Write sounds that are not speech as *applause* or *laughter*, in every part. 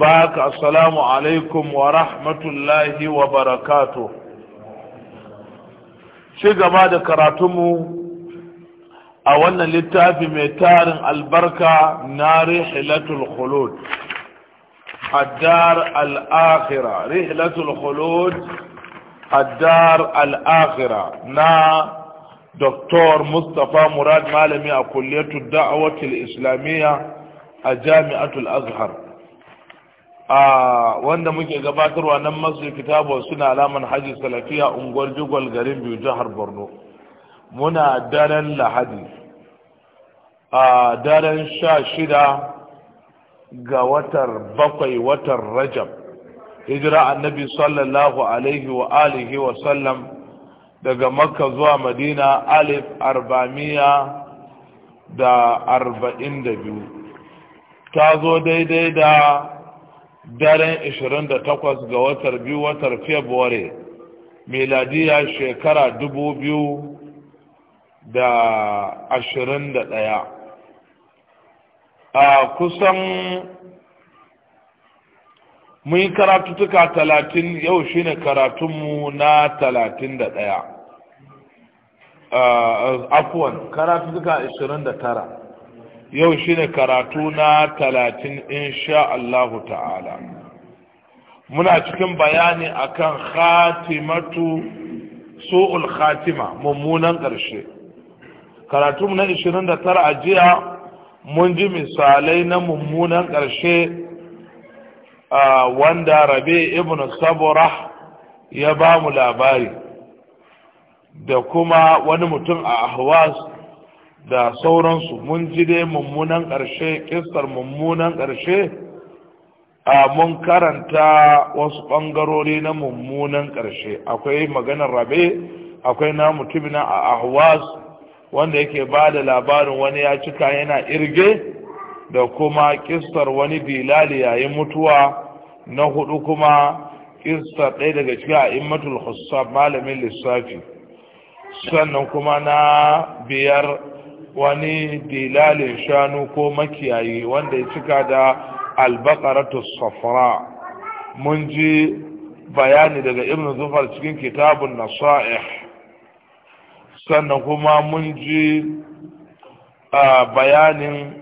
باك السلام عليكم ورحمة الله وبركاته شيء ما ذكرتم أولا للتعب ميتار البركة نار رحلة الخلود الدار الآخرة رحلة الخلود الدار الآخرة نا دكتور مصطفى مراد معلمي أقول الدعوة الإسلامية الجامعة الأزهر a wanda muke gabatarwa nan masu kitabu suna alaman haji salafiya unguwar jigwal garin biyu jihar borno muna daren lahadi a daren sha shida ga watar bakwai watar rajab hijira annabi sallallahu alaihi wa alihi wa sallam daga makka zuwa madina alif arba'amiya da arba'in da biyu ta zo daidai da daren 28 ga watar biyu watar february miladiya shekara 2021 a kusan mun yi tuka talatin yau shine karatunmu na talatin da daya afuwan karatuttuka ashirin da tara yau shine karatu na talatin insha Allahu ta'ala muna cikin bayani akan khatimatu su'ul khatima mummunan ƙarshe karatu na 29 a jiya mun ji misalai na mummunan ƙarshe wanda rabe ibn sabura ya ba mu labari da kuma wani mutum a ahwas da sauransu mun ji dai mummunan ƙarshe kistar mummunan ƙarshe a mun karanta wasu ɓangarori na mummunan ƙarshe akwai maganar rabe akwai na mutumina a ahwas wanda yake ba da labarin wani ya cika yana irge da kuma kistar wani bilali yayin mutuwa na hudu kuma kistar ɗaya daga cikin immatul hussab malamin lissafi sannan kuma na biyar wani dilale shanu ko makiyayi wanda ya cika da albakaratu safra mun ji bayani daga ibn zufar cikin kitabun nasa'ih sannan kuma mun ji bayanin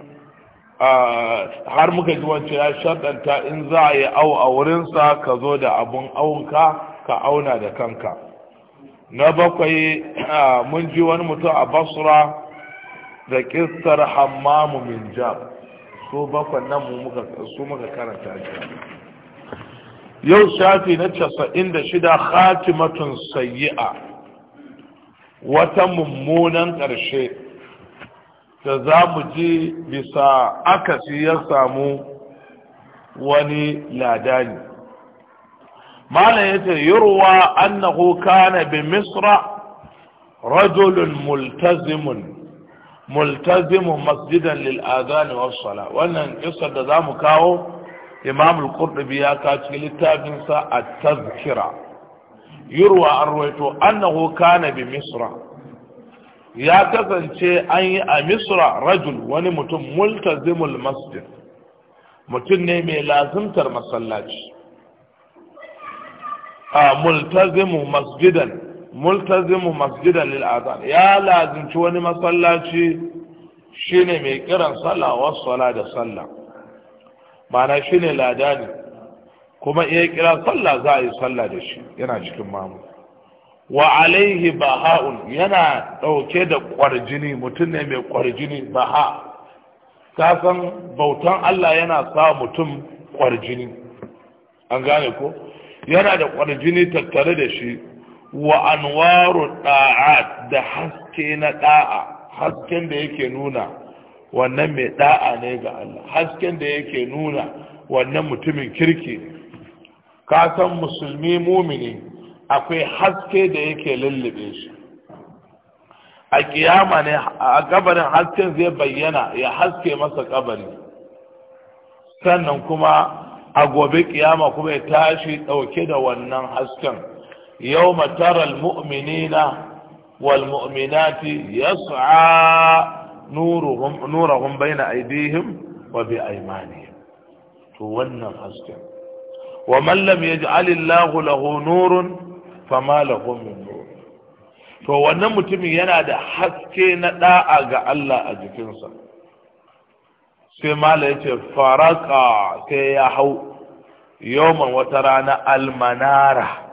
har muka ji wance ya shaɗanta in za a yi au a wurinsa ka zo da abun aunka ka auna da kanka na bakwai mun ji wani mutum a basra da kistar hammamu min jab so bakwan nan su muka karanta shi yau shafi na casa'in da shida khatimatun sayi'a. wata mummunan ƙarshe da za mu ji bisa akasi ya samu wani ladani malam ya ce yurwa annahu kana bi misra rajulun multazimun multazimu masjidan lil adhan wa sala wannan kissar da zamu kawo imam al-qurtubi ya ka littafin sa at-tazkira yurwa an ruwaito annahu kana bi misra ya kasance an yi a misra rajul wani mutum multazimul masjid mutum ne mai lazimtar masallaci a multazimu masjidan multazimu masjidan lil azan ya lazimci wani masallaci shine mai kiran sallah wa sala da sallah ma'ana shine ne kuma iya kira sallah za a yi sallah da shi yana cikin mamu wa alaihi baha'un yana dauke da kwarjini mutum ne mai kwarjini baha kasan bautan Allah yana sa mutum kwarjini an gane ko yana da kwarjini tattare da shi wa anwaru da'at da haske na da'a hasken da yake nuna wannan mai da'a ne ga Allah hasken da yake nuna wannan mutumin kirki ka san musulmi mumini akwai haske da yake lullube shi a kiyama ne a kabarin hasken zai bayyana ya haske masa kabari sannan kuma a gobe kiyama kuma ya tashi dauke da wannan hasken يوم ترى المؤمنين والمؤمنات يسعى نورهم نورهم بين أيديهم وبأيمانهم تولنا حسكا ومن لم يجعل الله له نور فما له من نور to wannan mutumin yana da haske na da'a ga Allah a jikinsa sai mala ya ce faraka sai ya hau yawman wata rana almanara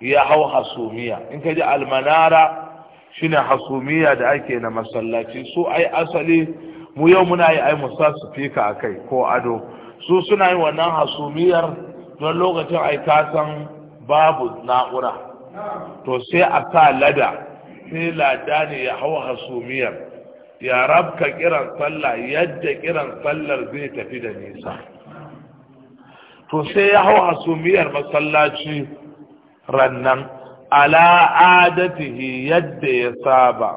ya hau hasumiya in ka ji almanara shi ne hasumiya da ake na masallaci su ai asali mu yau muna yi ai musa su fika a kai ko ado su suna yi wannan hasumiyar don lokacin ai kasan babu na'ura to sai a ka lada sai lada ne ya hau hasumiyar ya rabka kiran sallah yadda kiran sallar zai tafi da nisa to sai ya hau hasumiyar masallaci rannan ala adatihi yadda ya saba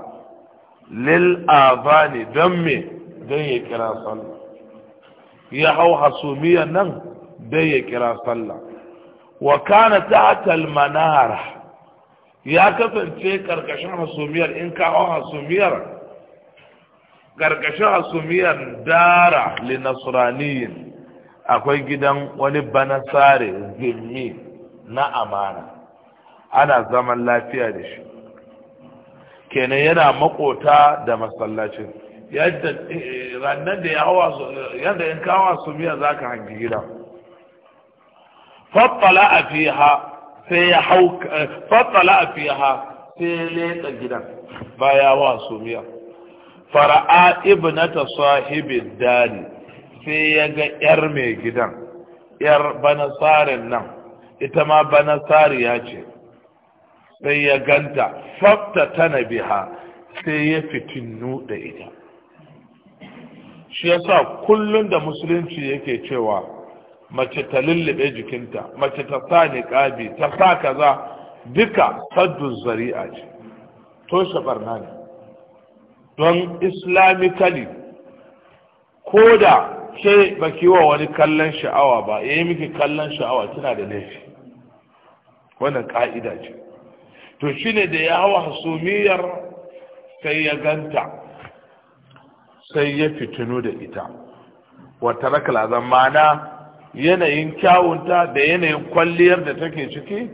lil azani don me don ya kira sallah ya hau hasumiya nan don ya kira sallah wa kana ta'ata manara ya kasance karkashin hasumiyar in kawo hasumiyar karkashin asumiyar dara linasraniyin akwai gidan wani banasare zimmi na amana ana zaman lafiya da shi kenan yana makota da masallacin yadda eh, rannan da ya hawa yadda in kawa su miya za ka hangi gida fattala a fiha sai ya hau eh, fattala a fiha sai ya leta gidan baya wa su miya fara'a ibnata sahibin dari sai ya ga yar mai gidan yar banasarin nan ita ma banasariya ce sai ya ganta fafta tana biha sai ya fitinu da ita shi ya sa kullum da musulunci yake cewa mace ta lullube jikinta mace ta sa ƙabi ta sa kaza duka zari zari'a ce toshe barna ne don islamically ko da ke baki wa wani kallon sha'awa ba ya yi miki kallon sha'awa tana da laifi wannan ka'ida ce to shine da ya hawa hasumiyar sai ya ganta sai ya fitinu da ita wata rakalazan mana yanayin kyawunta da yanayin kwalliyar da take ciki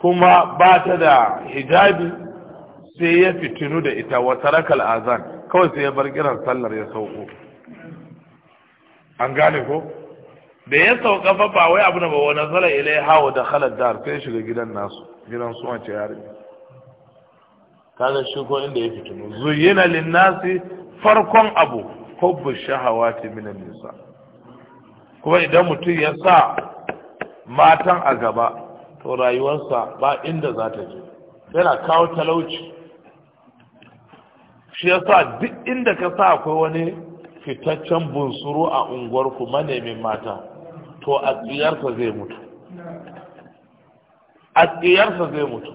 kuma ba ta da hijabi sai ya fitinu da ita wata rakal azan kawai sai ya bar kiran sallar ya sauko an gane ko da ya sauka fa ba wai abu na ba wa nazala ilai hawa da khalar dar kai shiga gidan nasu gidan su wace yare kaga shi ko inda ya fito. zuyina linnasi farkon abu hubbu shahawati minan nisa kuma idan mutum ya sa matan a gaba to rayuwarsa ba inda za ta je yana kawo talauci shi ya sa duk inda ka sa akwai wani fitaccen bunsuru a unguwarku manemin mata to a tsiyarsa zai mutu a tsiyarsa zai mutu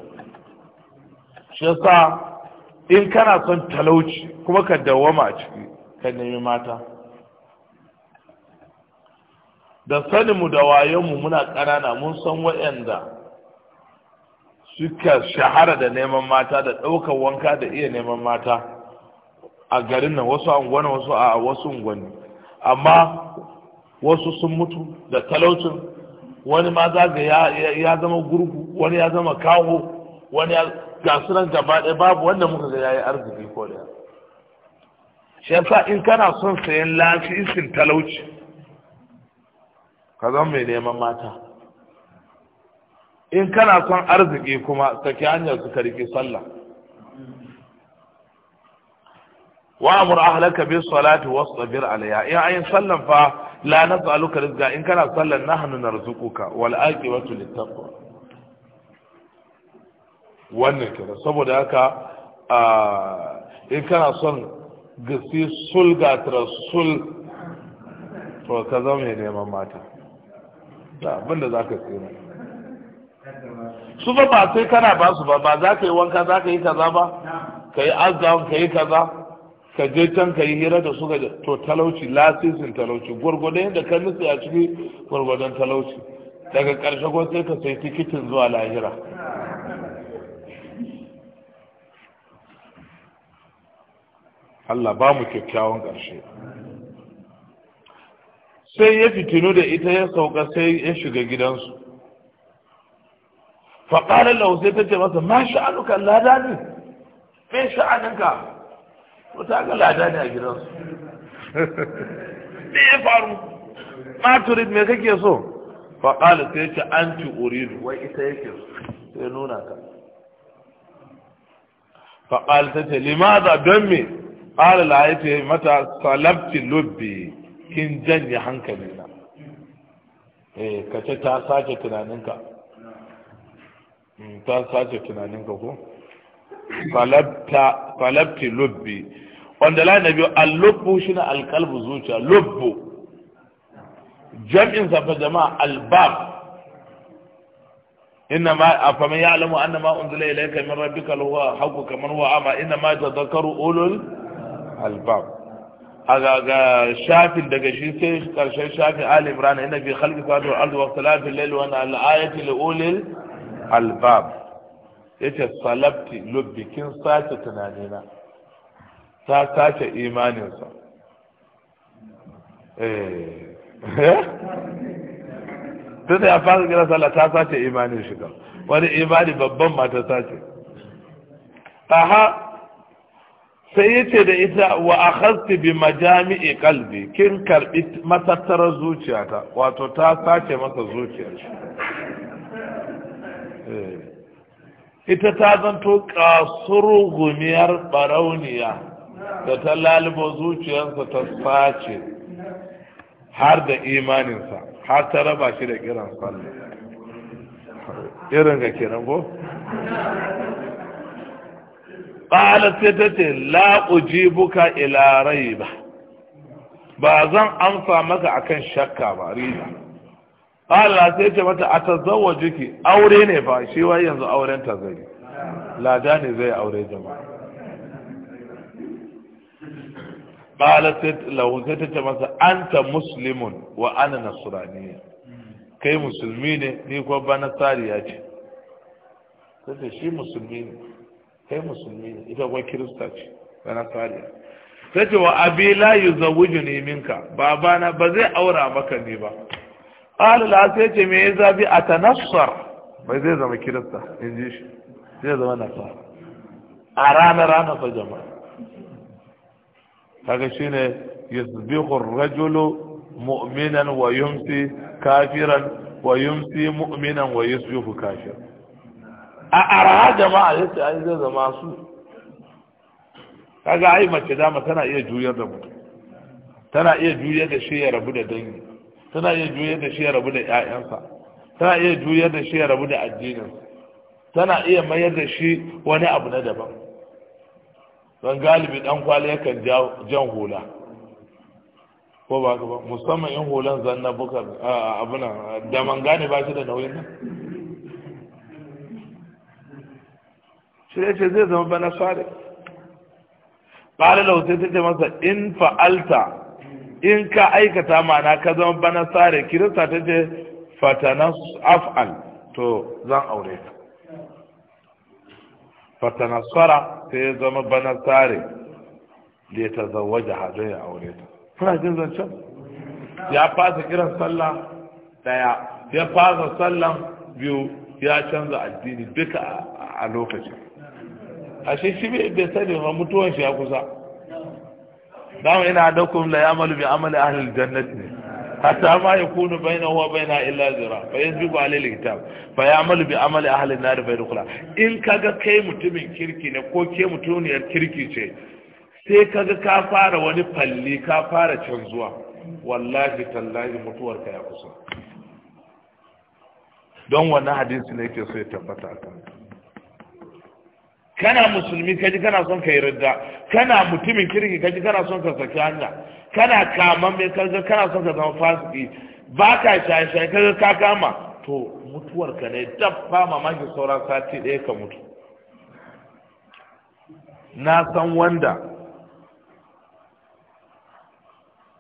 shi yasa in kana son talauci kuma ka dawama a ciki ka nemi mata da saninmu da wayonmu muna ƙanana mun san waɗanda suka shahara da neman mata da ɗaukar wanka da iya neman mata a garin nan wasu wasu a wasu unguwanni amma wasu sun mutu da talaucin wani ma ga ya zama gurgu wani ya zama kawo wani ga su nan gaba ɗaya babu wanda muka ga yayi arziki ko da shi yasa in kana son sayan lasisin talauci ka zama mai neman mata in kana son arziki kuma saki hanyar su karki sallah wa amur ahlaka bi salati wasbir alayha in ayin sallan fa la nas'aluka rizqa in kana sallan nahnu narzuquka wal aqibatu littaqwa wannan kira saboda haka in kana son gasi sulga sul to ka zama mai neman mata da da za ka tsira su ba ba sai kana ba su ba ba za ka yi wanka za ka yi kaza ba ka yi azam ka yi kaza ka je can ka yi hira da su ga to talauci lasisin talauci gwargwadon yadda ka nutsu a ciki gwargwadon talauci daga ƙarshe ko sai ka sai tikitin zuwa lahira Allah ba mu kyakkyawan ƙarshe sai ya fitinu da ita ya sauka sai ya shiga gidansu faƙalar Lausai ta ce masa ma sha'anuka lada me sha'aninka to ta ga lada ne a gidansu me ya faru maturid me kake so fa qala sai ce anti uridu wai ita yake so sai nuna ka fa qala ta ce limadha don me qala la ce mata salabti lubbi kin janye hankali na eh ce ta sace tunaninka hmm, ta sace tunaninka ko falabti lubbi wanda la na biyu allubbu shi na alkalbu zuciya lubbu jam'in safa jama'a albab inna ma afaman ya'lamu anna ma unzila ilayka min rabbi huwa haqqu kaman huwa ama inna ma tadhakkaru ulul albab aga ga shafin daga shi sai karshen shafin ali imran inna fi khalqi sadu al-ardi wa ikhtilafi al-layli wa an al-ayati li ulil albab yace salabti lubbikin sace tunanina ta sace imaninsa tun sai a fara gina sallah ta sace imanin shiga wani imani babban mata sace aha sai yace da ita wa akhadti bi majami'i qalbi kin karbi matattarar zuciyata wato ta sace masa zuciyar shi eh. ita ta zanto kasuru gumiyar barauniya da ta lalibo zuciyarsa ta sace har da imaninsa har ta raba shi da kiran sallu irin ga kiran ko ƙala sai ta ce la'uji buka ila ba ba zan amsa maka akan shakka ba riba Ƙala sai ce mata a jiki aure ne ba shi wai yanzu auren ta zai lada ne zai aure jama'a qala sai lahu sai ta ce masa anta muslimun wa ana nasraniyya kai musulmi ne ni ko ba nasariya ce sai shi musulmi ne kai musulmi ne ita kuma kirista ce ba nasariya sai ce wa abila la yuzawwijuni minka babana ba zai aura maka ne ba qalu la sai ce me ya zabi atanassar bai zai zama kirista in ji shi zai zama nasar a rana rana fa jama'a kaga shine yasbihu ar-rajulu mu'minan wa yumsi kafiran wa yumsi mu'minan wa Yusufu kafir a ara jama'a ce an zai zama su kaga ai mace dama tana iya juyar da mutum tana iya juyar da shi ya rabu da dangi tana iya juyar da shi ya rabu da ƴaƴansa tana iya juyar da shi ya rabu da addinin. tana iya mayar da shi wani abu na daban don galibi dan kwali yakan jan hula ko ba ka ba musamman in hulan zanna buka abuna da man gane ba shi da nauyin nan shi ya ce zai zama bana sare da lauta ta ce masa in fa'alta in ka aikata ma'ana ka zama bana sare kirista ta ce fatana af'al to zan aure ka fatana sara sai ya zama bana sare da ya tazawwaja hajjai ya aure ta kuna jin zancen ya fasa kiran sallah daya ya fasa sallan biyu ya canza addini duka a lokacin ashe shi bai sani ma mutuwan shi ya kusa dama ina da adakum la ya'malu bi amali ahli jannati hatta ma yakunu bainahu huwa bainaha illa zira fa yasbiqu alayhi alkitab fa ya'malu bi amali ahli nar fa yadkhula in kaga kai mutumin kirki ne ko ke mutuniyar kirki ce sai kaga ka fara wani falli ka fara canzuwa wallahi tallahi mutuwarka ya kusa don wannan hadisi ne yake so ya tabbata kana musulmi kaji kana son ka yi ridda kana mutumin kirki kaji kana son ka saki hanya kana kaman mai kaga kana son ka zama fasiki ba ka shaye-shaye kaga ka kama to mutuwar ka ne dab ba mamaki sauran sati ɗaya ka mutu na san wanda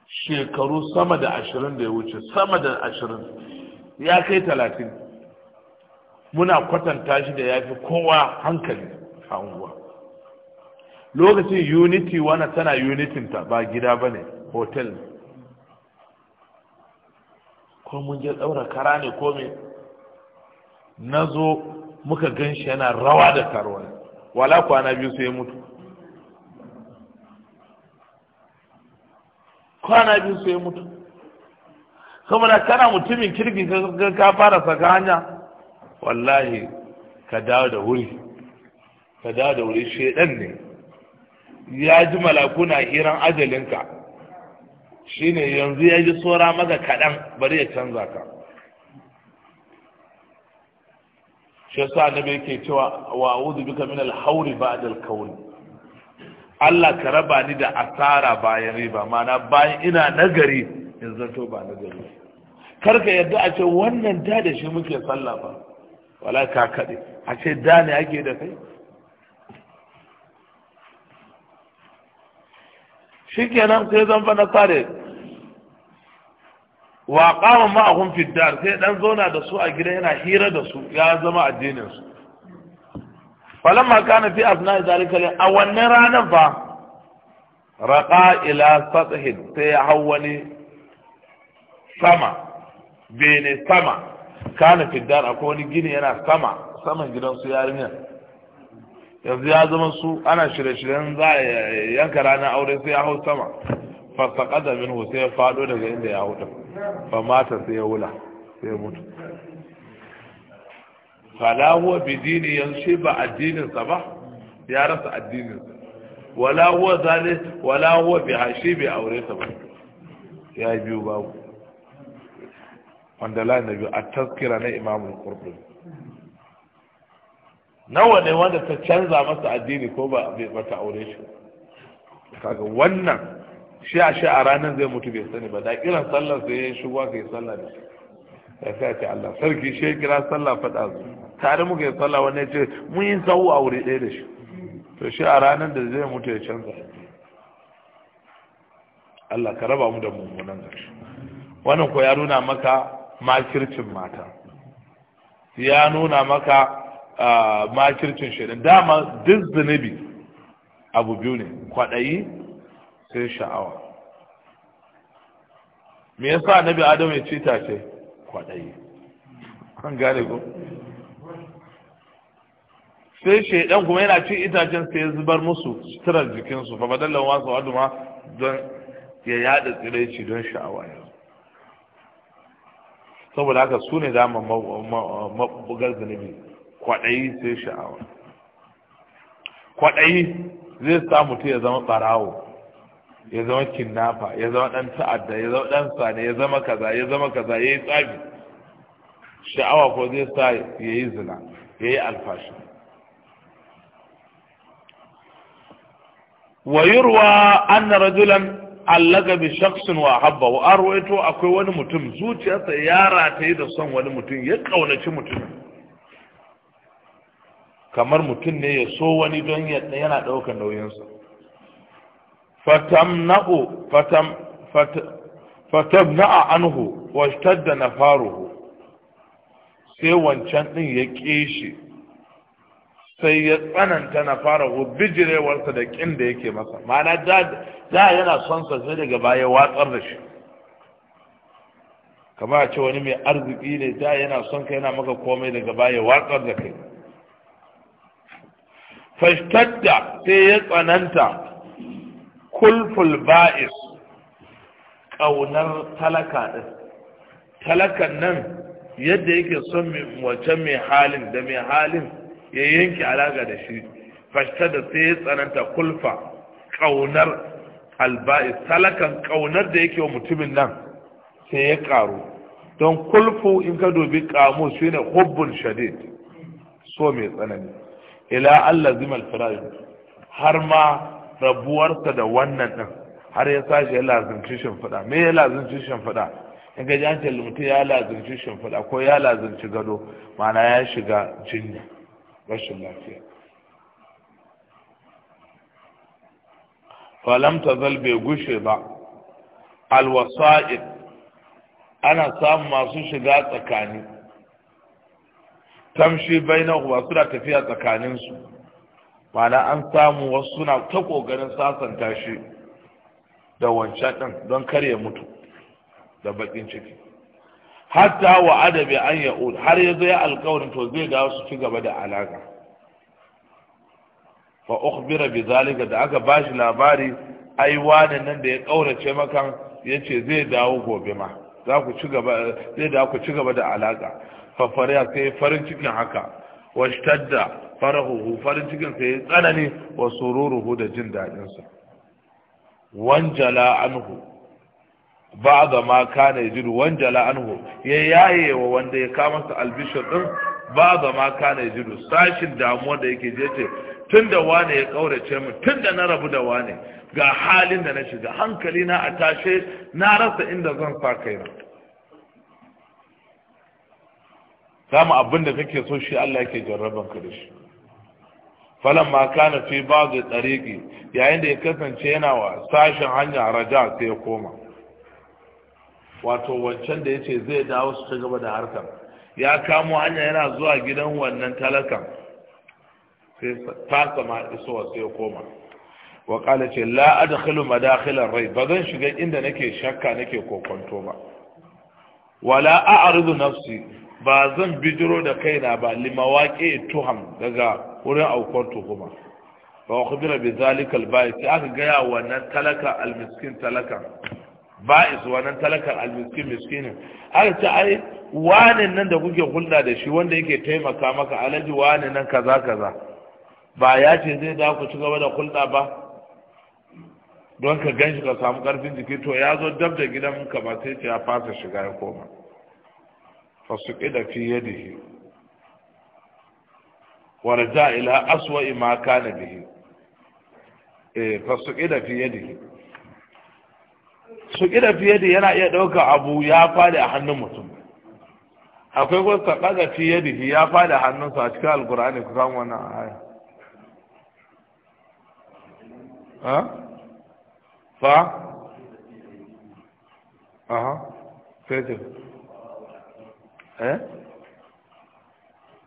shekaru sama da ashirin da ya wuce sama da ashirin ya kai talatin muna kwatanta shi da ya fi kowa hankali a unguwa lokacin unity wani tana unitin ta ba gida ba ne hotel ne ko mun je daura kara ne ko me na zo muka gan shi yana rawa da karuwa wala kwana biyu sai mutu kwana biyu sai mutu saboda kana mutumin kirgin ka fara saka hanya wallahi ka dawo da wuri ka da da wuri shedan ne ya ji malakuna hiran ajalinka shine yanzu ya ji tsora maka kaɗan bari ya canza ka shi yasa annabi yake cewa wa a'udhu bika min al-hawri ba'da al-kawn Allah ka raba ni da asara bayan riba mana bayan ina nagari in zato ba nagari kar ka yarda a ce wannan da da shi muke sallah ba wala ka kade a ce da ne ake da kai shikenan sai zan fa nasare wa qama ma'ahum fi dar sai dan zauna da su a gida yana hira da su ya zama addinin su falamma kana fi abna zalika li awanna ranan fa raqa ila sathi sai hawani sama bene sama kana fi dar akwai wani gini yana sama saman gidansu yarinya yanzu ya zama su ana shirye-shiryen za a yanka ranar aure sai ya hau sama fasaka min sai ya fado daga inda ya hudu ba mata sai ya wula sai ya mutu fala huwa bidini yanzu shi ba addininsa ba ya rasa addininsa wala huwa zane wala huwa bi haishi bi aure sa ba ya biyu babu wanda na biyu a taskira na imamun kurbin nawa ne wanda ta canza masa addini ko ba bai bata aure shi kaga wannan shi a shi a ranar zai mutu bai sani ba da kira sallar sai ya shigo ka yi sallah da ya sai ce Allah sarki shi kira sallah faɗa zu tare ka yi sallah wani ya ce mun yi sau aure ɗaya da shi to shi a ranar da zai mutu ya canza Allah ka raba mu da mummunan gashi wannan ko ya nuna maka makircin mata ya nuna maka makircin shaidan dama duk zunubi abu biyu ne kwaɗayi sai sha'awa me yasa nabi adam ya ce ce kwaɗayi an gane ko sai shaidan kuma yana cin itacen sai ya zubar musu suturar jikinsu fa badallan wasu ma don ya yada tsiraici don sha'awa yanzu saboda haka su ne dama mabugar zunubi kwaɗayi sai sha'awa kwaɗayi zai sa mutum ya zama ɓarawo ya zama kinnafa ya zama ɗan ta'adda ya zama ɗan sane ya zama kaza ya zama kaza ya yi tsabi sha'awa ko zai sa ya yi zina ya yi alfashi yurwa anna rajulan allaga bi shakhsin wa habba wa arwaito akwai wani mutum zuciyarsa ya rataye da son wani mutum ya kaunaci mutumin kamar mutum ne ya so wani don yana ɗaukar nauyinsa fatamna'u fatam na'a anhu na faruhu sai wancan ɗin ya ƙi sai ya tsananta na faruhu bijirewarsa da ƙin da yake masa mana da yana son sa sai daga baya watsar da shi kamar a ce wani mai arziki ne da yana son ka yana maka komai daga baya watsar da kai fashtadda sai ya tsananta kulful ba'is ƙaunar talaka ɗin talakan nan yadda yake son wancan mai halin da mai halin ya yanke alaƙa da shi fashtadda sai ya tsananta kulfa ƙaunar alba'is talakan ƙaunar da yake wa mutumin nan sai ya ƙaru don kulfu in ka dubi ƙamu shine hubbun shadid so mai tsanani ila Allah zimal firayim har ma rabuwarsa da wannan din har ya sashi ya lazimci fada me ya lazimci fada in ga ji an ce mutum ya lazimci fada ko ya lazimci gado mana ya shiga jinya rashin lafiya falam ta zalbe gushe ba al-wasa'id ana samun masu shiga tsakani tamshi bainahuma suna tafiya tsakaninsu mana an samu wasu suna ta ƙoƙarin sasanta shi da wancan ɗin don kar mutu da baƙin ciki hatta wa adabi an ya'ud har ya zo ya alƙawarin to zai dawo su ci gaba da alaƙa fa ukhbira bi zalika da aka bashi labari ai wani nan da ya ƙaurace maka yace zai dawo gobe ma za ku ci gaba zai dawo ku ci gaba da alaka fafariya sai farin cikin haka washtadda farahuhu farin cikin sai tsanani wa sururuhu da jin daɗinsa wanjala anhu ba ga ma kana jiru. wanjala anhu ya yaye wa wanda ya kama sa albishir din ba ga ma kana jiru. sashin damuwa da yake je ce tunda wane ya kaurace mu tunda na rabu da wane ga halin da na shiga hankali na a tashe na rasa inda zan sa kaina samu abin da kake so shi Allah yake jarraban ka da shi falan ma kana fi bazu tsareki. yayin da ya kasance yana wa sashen hanya raja sai ya koma wato wancan da yace zai dawo su ta gaba da harkar ya kamo hanya yana zuwa gidan wannan talakan sai ta sama isowa sai ya koma wa kala ce la adkhilu madakhilan rai ba zan shiga inda nake shakka nake kokonto ba wala a'ridu nafsi ba zan bidiro da kaina ba limawaƙi tuham daga wurin aukuwar tuhuma ba ku bira bi zalikal ba'i sai aka gaya wannan talaka almiskin talaka ba'is wannan talaka almiskin miskinin aka ce ai wane nan da kuke hulɗa da shi wanda yake taimaka maka alaji wane nan kaza kaza ba ya ce zai da ku ci gaba da hulɗa ba don ka ganshi ka samu karfin jiki to ya zo dab da gidan ka ba sai ce ya fasa shiga ya koma فسقد في يده ورجع إلى أسوأ ما كان به فسقد في يده سقد في يده yana iya ɗauka abu ya fadi a hannun mutum akwai ko kaga fi yadihi ya fadi a hannunsa a cikin alkur'ani ku samu wannan aya ha fa aha sai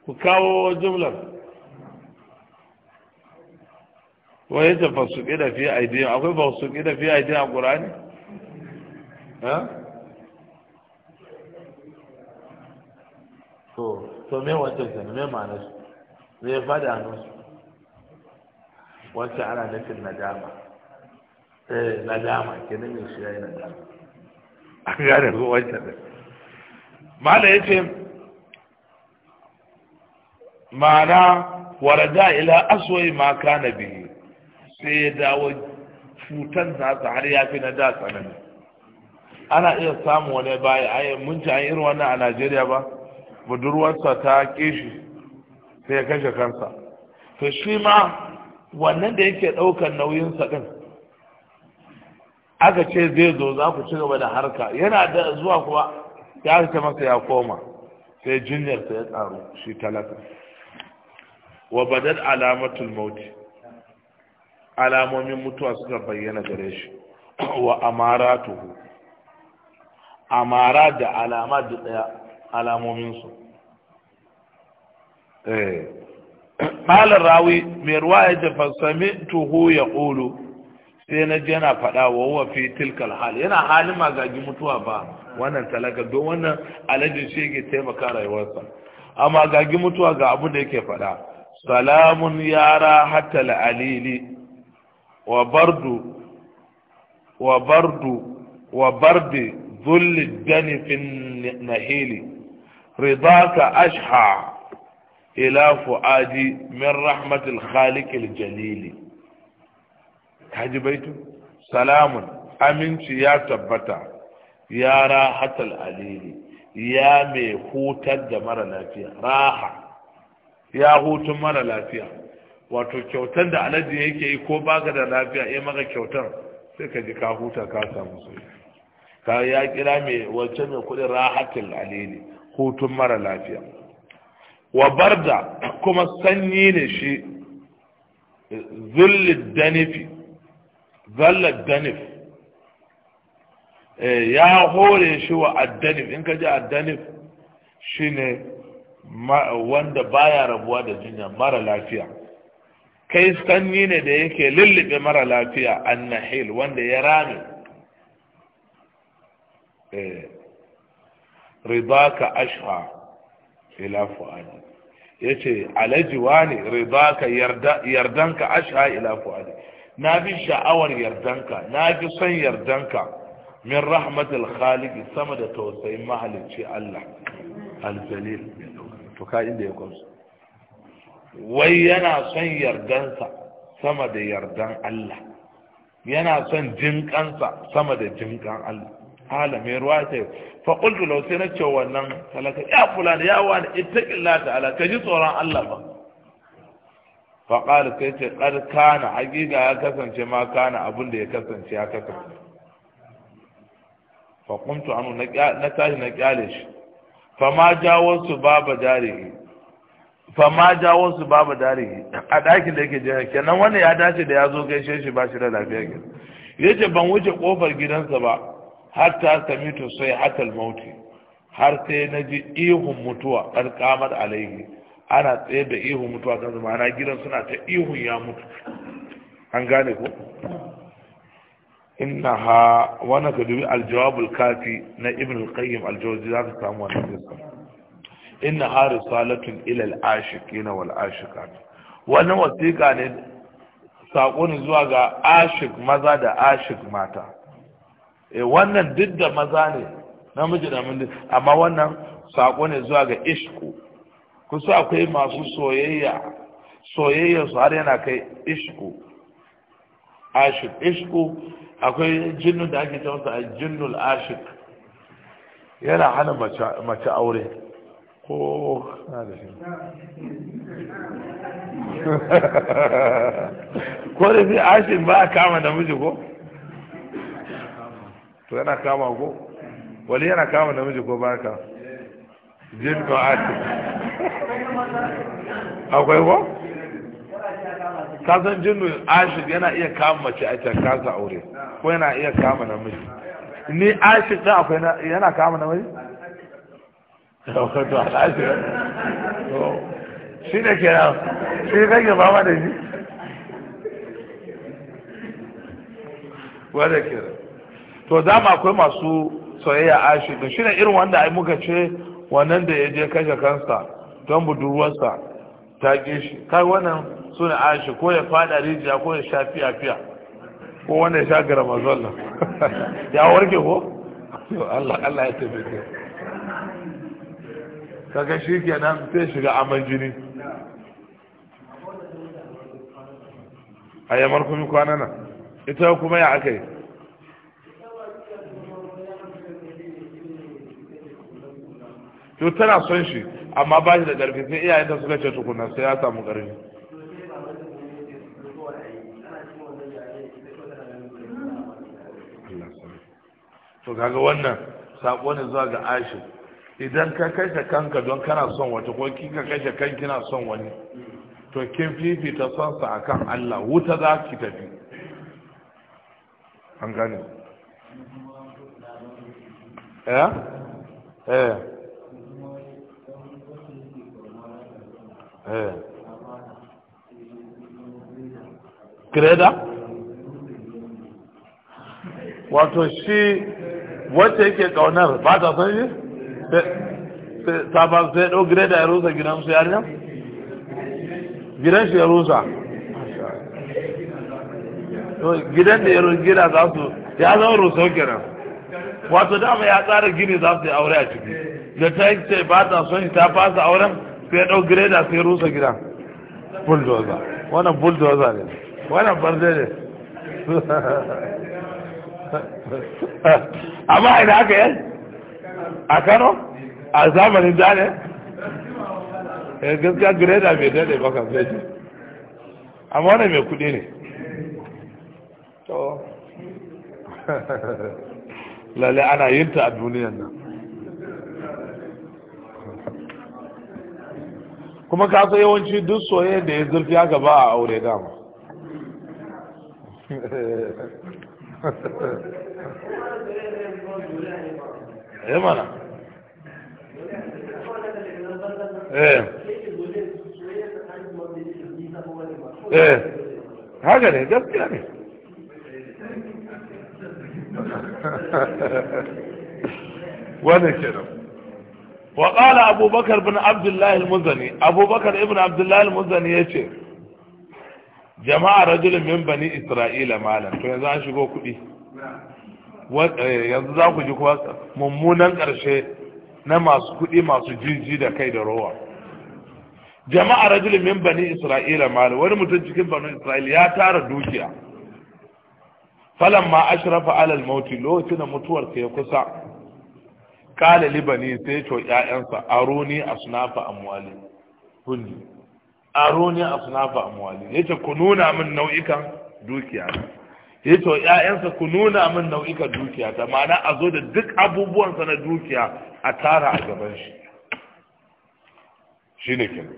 وكاو جملة وهذا فصل كده في ايديا او فصل كده في ايديا القران ها تو تو مين وانت زين مين معناه زي فدا نوس وانت على نفس النجامة ايه نجامة كده مش هي نجامة اخيرا هو وجهه mala yace ma'ana warada ila aswai ma na biyu sai ya dawo cutan nasa har ya fi na da tsanani ana iya samun wani baya ai mun ci an irin wannan a Najeriya ba budurwarsa ta kishi sai ya kashe kansa to shi ma wannan da yake ɗaukar nauyinsa din. aka ce zai zo za ku ci gaba da harka yana da zuwa kuwa. sai ta ce masa ya koma sai jinyar ta ya karu shi talaka wa badal alamatul maut alamomin mutuwa suka bayyana gare shi wa amaratuhu amara da alama da daya alamomin su eh qala rawi mai ruwaya da fasami tuhu ya sai na je yana faɗa wa wa fi tilkal hal yana halin magagi mutuwa ba wannan talaka don wannan alajin shi yake taimaka rayuwarsa amma gagi mutuwa ga abu da yake faɗa salamun yara hatta alili wa bardu wa bardu wa bardi zulli dani fin nahili ridaka ashha ila fuadi min rahmatil khaliqil jalili haji baitu salamun aminci ya tabbata ya rahatal alili ya mai hutar da mara lafiya raha ya hutun mara lafiya wato kyautar da alaji yake yi ko baka da lafiya ya maka kyautar sai ka ji ka huta ka samu su ka ya kira mai wacce mai kudi rahatul alili hutun mara lafiya wa barda kuma sanyi ne shi zullid danifi zallar danif eh, ya hore shi wa addanif in ka ji addanif shine wanda baya rabuwa da jinya mara lafiya kai sanyi ne da yake lullube mara lafiya annahil wanda ya rame eh, ridaka ashha ila fu'adi yace wani ridaka yardanka ashha ila fu'adi na fi sha'awar yardanka na fi son yardanka min rahmatul khaliq sama da tausayin mahalicci Allah al aljalil to ka inda ya kwamsa wai yana son yardansa sama da yardan Allah yana son jinkansa sama da jinkan Allah hala mai ruwa ta fa qultu law sai na ce wannan talaka ya fulani? ya wani ittaqillah ta'ala ka ji tsoron Allah ba faƙar sai ce kar kana hakika ya kasance ma kana abin da ya kasance ya kasance faƙumtu anu na tashi na ƙyale shi fama jawo su baba Fa fama jawo su baba darihi a ɗakin da yake jihar kenan wanda ya dace da ya zo gaishe shi ba shi da lafiya ke ya ce ban wuce ƙofar gidansa ba har ta samito sai hatal mauti har sai na ji ihun mutuwa ƙarƙamar alaihi ana tsaye da ihu mutuwa kan zama ana gidan suna ta ihu ya mutu an gane ko inna ha wannan ka dubi aljawabul kafi na ibn al-qayyim aljawzi za ka samu wannan gaskiya inna ha risalatun ila al-ashiqina wal ashiqat wannan wasiqa ne sako ne zuwa ga ashiq maza da ashiq mata eh wannan duk da maza ne namiji da miji amma wannan sako ne zuwa ga ishku kusa akwai masu soyayya soyayya su har yana kai ishku ashik ishku akwai jinnu da ake ce a jinnul ashik yana hana mace aure ko na da shi *laughs* ko da fi ashik ba a kama namiji ko to yana kama ko wali yana kama namiji ko ba ka jinnu ashik akwai ba kasan jinnu ashik yana iya kama mace a can kasa aure ko yana iya kama namiji ni ashik da akwai yana kama namiji wato al'ashir shi ne ke nan shi kake fama da shi wadda ke to dama akwai masu soyayya ashik shi ne irin wanda ai muka ce wannan da ya je kashe kansa don budurwarsa ta shi kai wannan suna ashi ko ya fada rijiya ko ya sha fiya fiya ko wanda ya sha garamazon nan *laughs* ya warke ko Allah Allah ya tafi kaga shi kenan sai shiga aman jini a yamar kuma kwana nan ita kuma ya aka yi to tana son shi amma ba shi da ƙarfi sai iyayenta suka ce tukuna sai ya samu ƙarfi to kaga wannan sako ne zuwa ga ashi idan ka kashe kanka don kana son wata ko ka kashe kan kina son wani to kin fifita son sa akan Allah wuta za ki tafi an gane eh eh greda eh. wato shi wacce yake kaunar ba ta san shi sabon sai ɗau greda ya rusa gidansu yarinya gidan shi ya rusa gidan da ya gida za su ya zama rusa kenan wato dama ya tsara gini za su yi aure a ciki da ta yi ce ba ta son shi ta fasa auren sai ɗau gireda sai rusa gida bulldozer wannan bulldozer ne wannan barde ne *laughs* amma ina haka yi a kano a zamanin da ne eh, gaskiya gireda mai daɗe baka zai zai amma wannan mai kuɗi ne to *laughs* lalle ana yinta a duniyan nan kuma ka san yawanci duk soye da ya zurfi haka ba a aure dama *laughs* eh mana eh. Eh. *laughs* وقال أبو بكر بن عبد الله المزني أبو بكر ابن عبد الله المزني يتي جماعة رجل من بني إسرائيل مالا فيزان شكو كدي yanzu za ku ji kuma mummunan ƙarshe na masu kuɗi masu jiji da kai da rowa jama'a rajulun min bani isra'ila mal wani mutum cikin bani isra'ila ya tara dukiya falan ma ashrafa alal mauti lokacin da mutuwar ya kusa kala libani sai to ƴaƴansa aroni asnafa amwali kulli aroni asnafa amwali ce ku nuna min nau'ikan dukiya Ya ce ƴaƴansa ku nuna min nau'ikan dukiya ta ma'ana a zo da duk abubuwansa na dukiya a tara a gaban shi ne kenan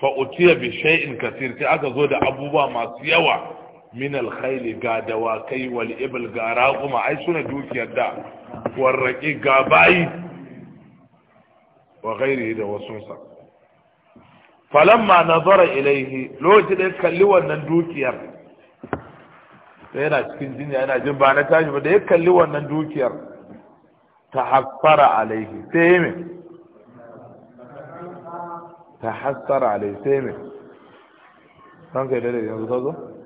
fa utiya bi shay'in kasir sai aka zo da abubuwa masu yawa Minal alkhaili ga dawakai wal ibil ga raquma ai suna dukiyar da warraki ga bayi wa ghairi da wasunsa falamma nazara ilaihi lokacin da kalli wannan dukiyar sai yana cikin jinya yana jin ba na tashi ba da ya kalli wannan dukiyar ta hasara alaihi sai me ta hasara alaihi sai me san kai da yanzu ka zo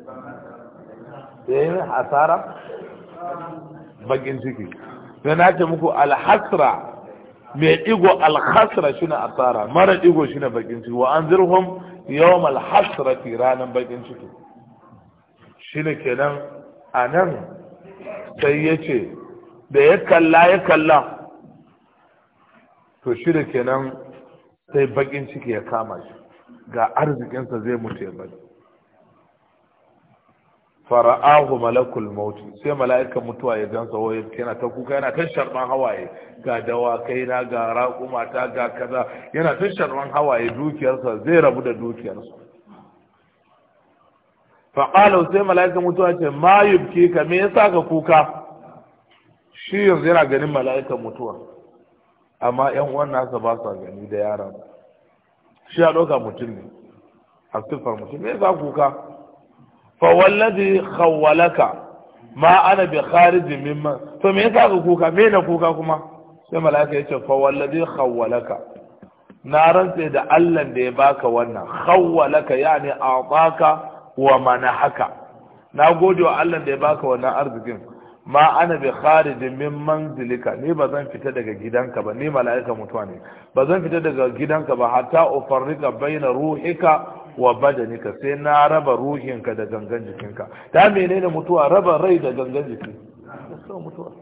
eh asara bakin ciki sai na ce muku alhasra mai digo alhasra shine asara mara shi shine bakin ciki wa anzirhum yawm alhasrati ranar bakin ciki shine kenan anan sai yace da ya kalla ya kalla to shi da kenan sai bakin ciki ya kama shi ga arzikinsa zai mutu ya bari fara'ahu malakul maut sai mala'ikan mutuwa ya sa waye yana ta kuka yana tan sharban hawaye ga kai na ga raƙuma ta ga kaza yana tan sharban hawaye dukiyar sa, zai rabu da dukiyar fa faƙalau sai mala'ikan mutuwa ce ma yubki ka me yasa ka kuka shi yanzu yana ganin mala'ikan mutuwa amma yan uwan nasa ba sa gani da yaran shi ya ɗauka mutum ne a siffar mutum me yasa kuka fa wallazi khawwalaka ma ana bi kharijin mimma to me yasa ka kuka me na kuka kuma sai mala'ika ya ce fa khawwalaka na rantse da Allah da ya baka wannan khawwalaka yani a'taka wa manahaka na gode wa Allah da ya baka wannan arzikin ma ana bi kharijin min manzilika ni ba zan fita daga gidanka ba ni mala'ika mutuwa ne ba zan fita daga gidanka ba hatta ufarrika baina ruhika wa badanika sai na raba ruhinka da gangan jikinka ta menene mutuwa raba rai da gangan jiki mutuwa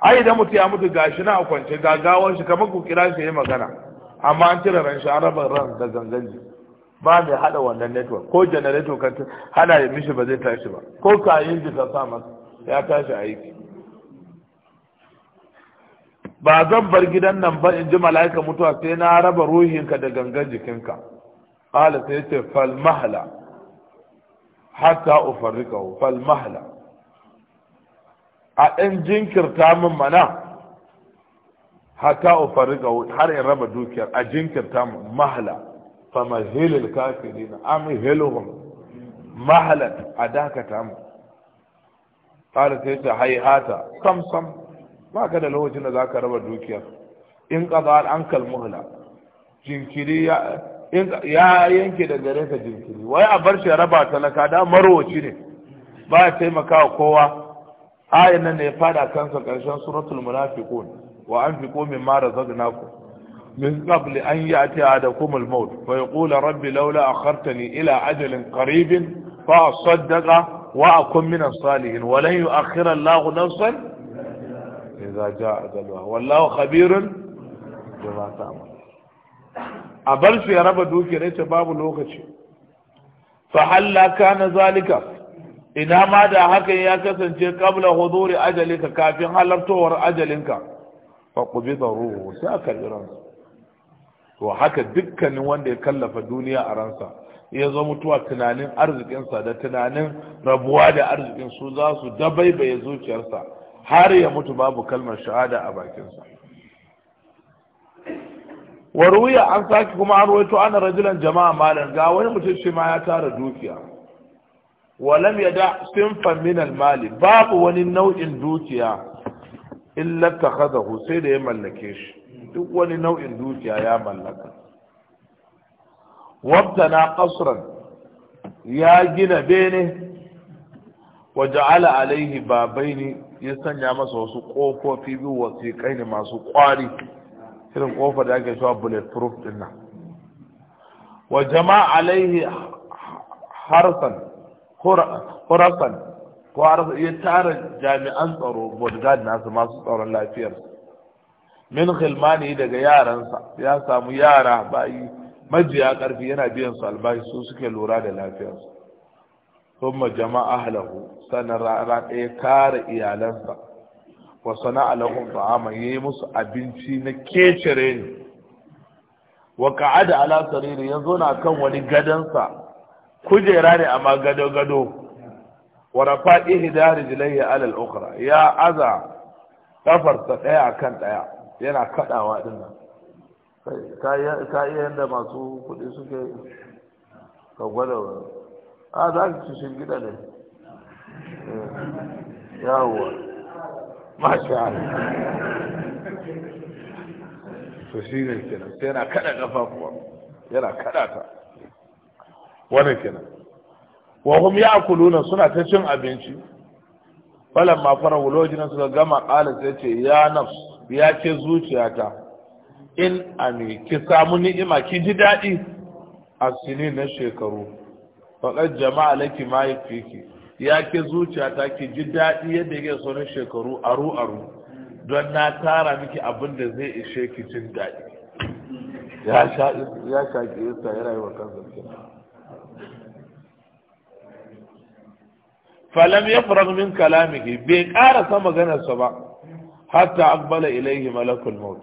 ai da mutu ya mutu gashi na kwance ga gawon shi kamar ku kira shi yayi magana amma an cire ran shi an raba ran da gangan jiki ba mai hada wannan network ko generator kan hada ya mishi ba zai tashi ba ko kayan ji ka sa masa ya tashi aiki ba zan bar gidan nan ba in ji mala'ika mutuwa sai na raba ruhinka da gangan jikinka qala sai yace fal mahla hatta ufarrikahu fal mahla a ɗan jinkirta min mana hatta ufarrikahu har in raba dukiyar a jinkirta min mahla fa mahilil kafirin amhiluhum mahla a dakata mu qala sai ta hayata sam sam ba ka da lokacin da zaka raba dukiyar in qada an kal muhla jinkiri ya ya yanke da gare ka jinkiri wai a bar shi raba talaka da marwaci ne ba ya taimaka wa kowa ayan nan ne ya fada kansa karshen suratul munafiqun wa anfiqu mimma razaqnakum min qabli an ya'ti ahadakum al-maut fa yaqulu rabbi laula akhartani ila ajalin qaribin fa asaddaqa wa akun min as-salihin wa lan yu'akhkhira Allahu nafsan idza ja'a ajaluha wallahu khabirun bima ta'mal a bar su ya raba dukiyar ita babu lokaci fa halla kana zalika ina ma da hakan ya kasance kabla huduri ajalika kafin halartowar ajalinka fa qubida ruhu sai aka jira to haka dukkanin wanda ya kallafa duniya a ransa ya zo mutuwa tunanin arzikinsa da tunanin rabuwa da arzikin su za su dabaibaye zuciyarsa har ya mutu babu kalmar shahada a bakinsa waruya an sake kuma an rawaito ana rajulan jama'a malan ga wani mutum shi ma ya tara dukiya walam ya yada sinfan min mali babu wani nau'in dukiya illa takhadahu sai da ya mallake shi duk wani nau'in dukiya ya mallaka wabtana qasran ya gina bene wa ja'ala alaihi babaini ya sanya masa wasu kofofi biyu wasiƙai ne masu ƙwari irin kofar da ake shawa bullet proof din nan wa jama'a alaihi harsan horasan ko harsan ya tara jami'an tsaro bodyguard nasu masu tsaron lafiyar min khilmani daga yaransa ya samu yara bayi majiya karfi yana biyan su albashi su suke lura da lafiyarsu sun jama'a ahlahu sannan rana ɗaya kare iyalansa wa sana'a lahum ya yi musu abinci na kecere ne wa ka'ada ala sariri yanzu na kan wani gadansa kujera ne amma gado gado wa faɗi hidari jilayya ala al-ukhra ya aza kafarsa daya akan daya yana kadawa din nan ka iya yadda masu kuɗi suke ka gwada wani a za ki shi gida ne eh, yawon masha to shi ne kenan sai yana kada kafa kuwa yana kada ta wannan kenan wa hum ya'kuluna suna ta cin abinci falan ma fara wulojin suka gama qala sai ce ya nafs ya ce zuciyata in ami ki samu ni'ima ki ji daɗi a sinin na shekaru faɗar jama'a laki ma yi ya ke zuciya ta ki ji daɗi yadda yake sauran shekaru aru aru don na tara miki abin da zai ishe ki jin daɗi ya yi sa, ya kan kansa falam ya fara min kalamiki bai ƙarasa maganarsa ba hatta akbala ilaihi malakul maut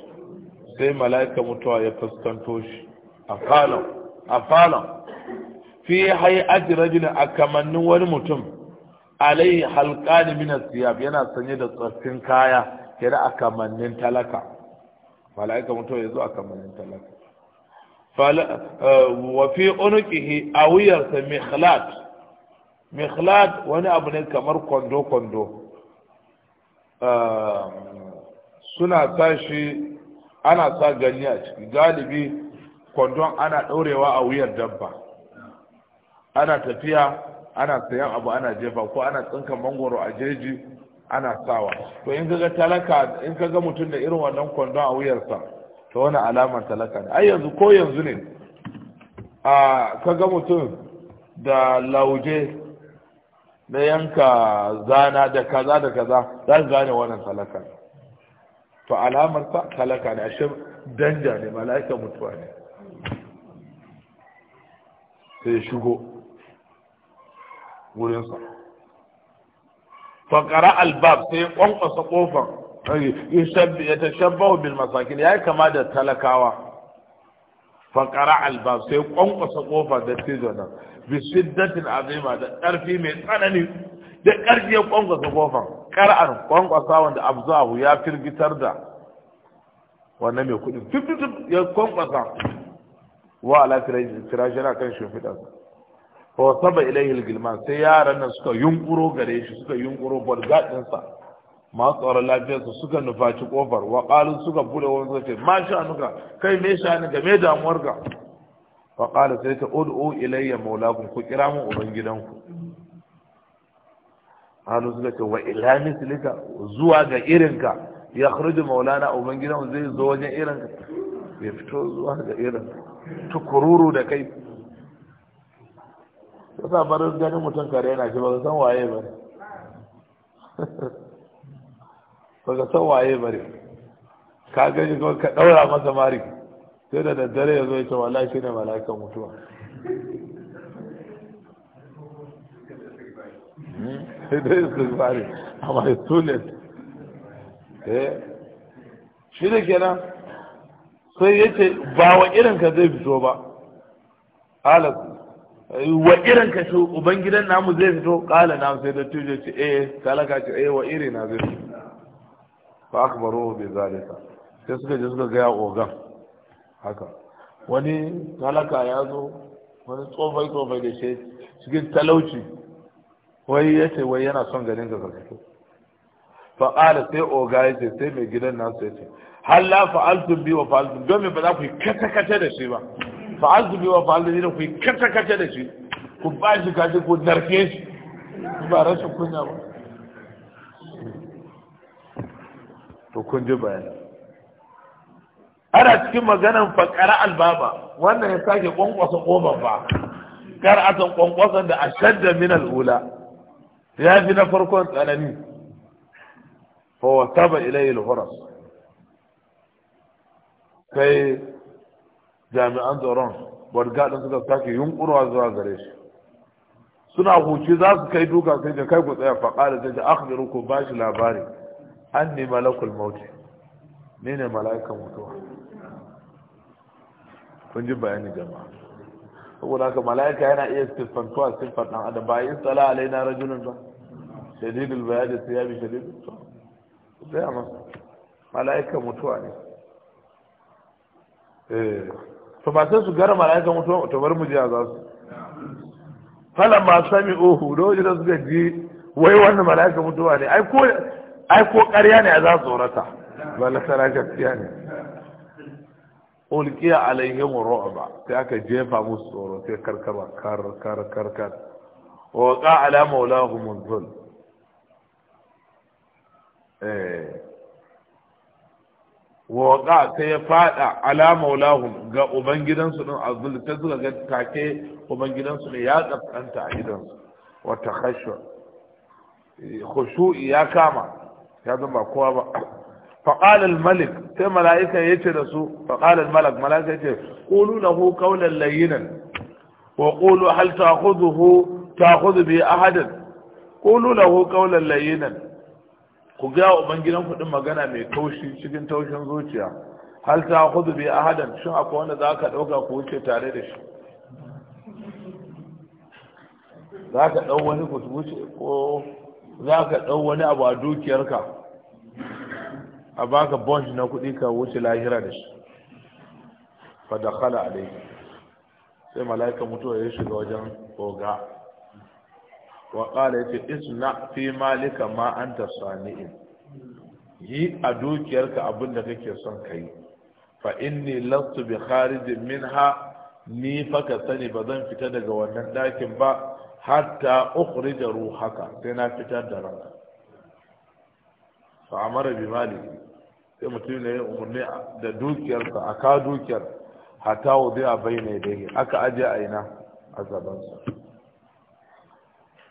sai mala'ika mutuwa ya fuskanto shi a falon a falon fi hai aji rajin a kamannin wani mutum alai halqani min siyab yana sanye da tsaffin kaya yana a kamannin talaka mala'ika mutum ya zo a kamannin talaka eh, wa fi unuqihi a wuyarsa mikhlat mikhlat wani abu ne kamar kwando kwando eh, suna sa shi ana sa ganye a ciki galibi kwandon ana ɗaurewa a wuyar dabba ana tafiya ana sayan abu ana jefa ko ana tsinka mangoro a jeji ana sawa to in kaga talaka in kaga mutum da irin wannan kwandon a wuyarsa to wani alamar talaka ne ai yanzu ko yanzu ne a kaga mutum da lauje na yanka zana da kaza da kaza za su gane wannan talaka ne to alamar sa talaka ne ashe danja ne mala'ika mutuwa ne sai shigo wurinsa fakara albab sai ya kwankwasa kofar ya ta wa bil masakin ya yi kama da talakawa fakara albab sai ya kwankwasa kofar da tijonan bi shiddatin azima da ƙarfi mai tsanani da ƙarfi ya kwankwasa kofar ƙar'an kwankwasa wanda abzahu ya firgitar da wannan mai kuɗi fifitif ya kwankwasa wa ala na kan shi fi ɗansa. fa saba ilayhi gilman sai yaran nan suka yunkuro gare shi suka yunkuro bargadin sa masu lafiyar su suka nufaci kofar wa qalu suka bude wani suka ma ma sha'anuka kai me sha'anuka me ga fa qala sai ta ud'u ilayya maulakum ku kira mu uban gidanku. halu suka ce wa ila mislika zuwa ga irinka ya khruju maulana gidanku zai zo wajen irinka Ya fito zuwa ga irinka tukururu da kai sa barin ganin mutum kare yana shi baka san waye bane baka san waye bane ka gani kuma ka daura masa mari sai da daddare ya zo ya ce shi ne malakan mutuwa hmm? da istighfari amma ya tule eh? shi da kenan sai ya ce ba wa irin ka zai fito ba alas wa irin ka ce gidan namu zai fito kala na sai da tuje ce eh talaka ce eh wa irin na zai fito fa akbaru bi zalika sai suka je suka gaya ogan haka wani talaka ya zo wani tsofai tsofai da shi cikin talauci wai ya ce wai yana son ganin ka fito fa kala sai oga ya ce sai mai gidan nasu ya ce la fa'altum bi wa fa'altum don me ba za ku yi kata kata da shi ba fa'azumi wa fa'alladina ku yi kata kata da shi ku ba shi kaji ku narke shi ba rashin kunya ba to kun ji ana cikin maganan fakara albaba wannan ya sake kwankwasa ƙofar ba san kwankwasan da a ashadda min al'ula ya fi na farkon tsanani fa wasaba ba al-huras sai jami'an tsaron bodyguard suka sake yunkurwa zuwa gare shi suna huce za su kai duka sai da kai ku tsaya faƙa da ta akhbiru ku ba shi labari an ne malakul mauti ne ne mala'ikan mutuwa kun ji bayani jama'a saboda haka mala'ika yana iya siffantuwa siffar ɗan adam ba yin tsala alai na rajulun ba shadidul bayani sai ya bi shadidul sai a masa mala'ikan mutuwa ne eh to ba sai su gara mala'ika mutuwa to bari mu je a za su falan ma sami ohu lokacin da suka ji wai wannan mala'ikan mutuwa ne ai ko ƙarya ne a za su tsorata ba na sana gaskiya ne ulkiya alayhim ru'ba sai aka jefa musu tsoro sai karkaba kar kar kar kar wa qa ala maulahum dhul eh waƙa sai ya fada ala maulahum ga ubangidansu din azul ta zuga ga take ubangidansu ne ya tsantsanta a gidansu wata khashwa khushu'i ya kama ya zama kowa ba al malik sai mala'ika ya ce da su al malak mala'ika ya ce ƙulu da hu kaunar wa qulu hal ta ta'khudhu bi ahadin qulu lahu qawlan layyinan ku ga ubangidan kuɗin magana mai taushi cikin taushin zuciya hal ta hudu bi ahadan shin akwai wanda za ka ɗauka ku wuce tare da shi za ka ɗau wani ku wuce ko za ka wani abu a dukiyarka a baka bonj na kuɗi ka wuce lahira da shi fa da khala alai sai mala'ika mutuwa ya shiga wajen oga waƙala qala yace isna fi malika ma anta in yi a dukiyarka abin da kake son kai fa inni lastu bi min ha ni fa ka sani ba zan fita daga wannan dakin ba hatta ukhrija ruhaka sai na fitar da ranka fa amara bi maliki sai mutum ne umarni da dukiyarsa a ka dukiyar hatta wuzi a bai ne aka ajiye a ina a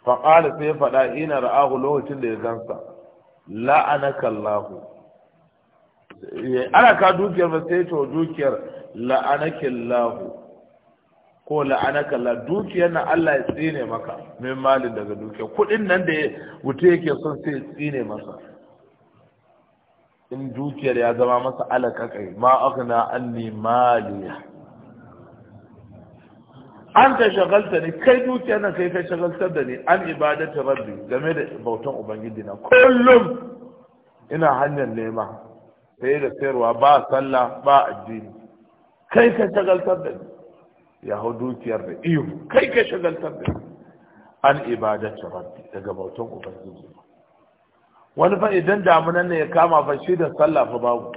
faƙali sai ya faɗa ina ra'ahu lokacin da ya gansa la'anaka Allah ana ka dukiyar ba sai to dukiyar la'anaka Allah ko la'anaka Allah dukiyar na Allah ya tsine maka min malin daga dukiyar kuɗin nan da wuta yake son sai tsine masa in dukiyar ya zama masa alaka kai ma aghna anni maliya an ta shagalta ne kai dukiyar nan kai kai shagaltar da ni an ibadata rabbi game da bautan ubangiji na kullum ina hanyar nema sai da sayarwa ba sallah ba addini kai kai shagaltar da ni ya hau dukiyar da iyo kai kai shagaltar da ni an ibadata rabbi daga bautan ubangiji wani fa idan damunan ne ya kama fa shi da sallah fa babu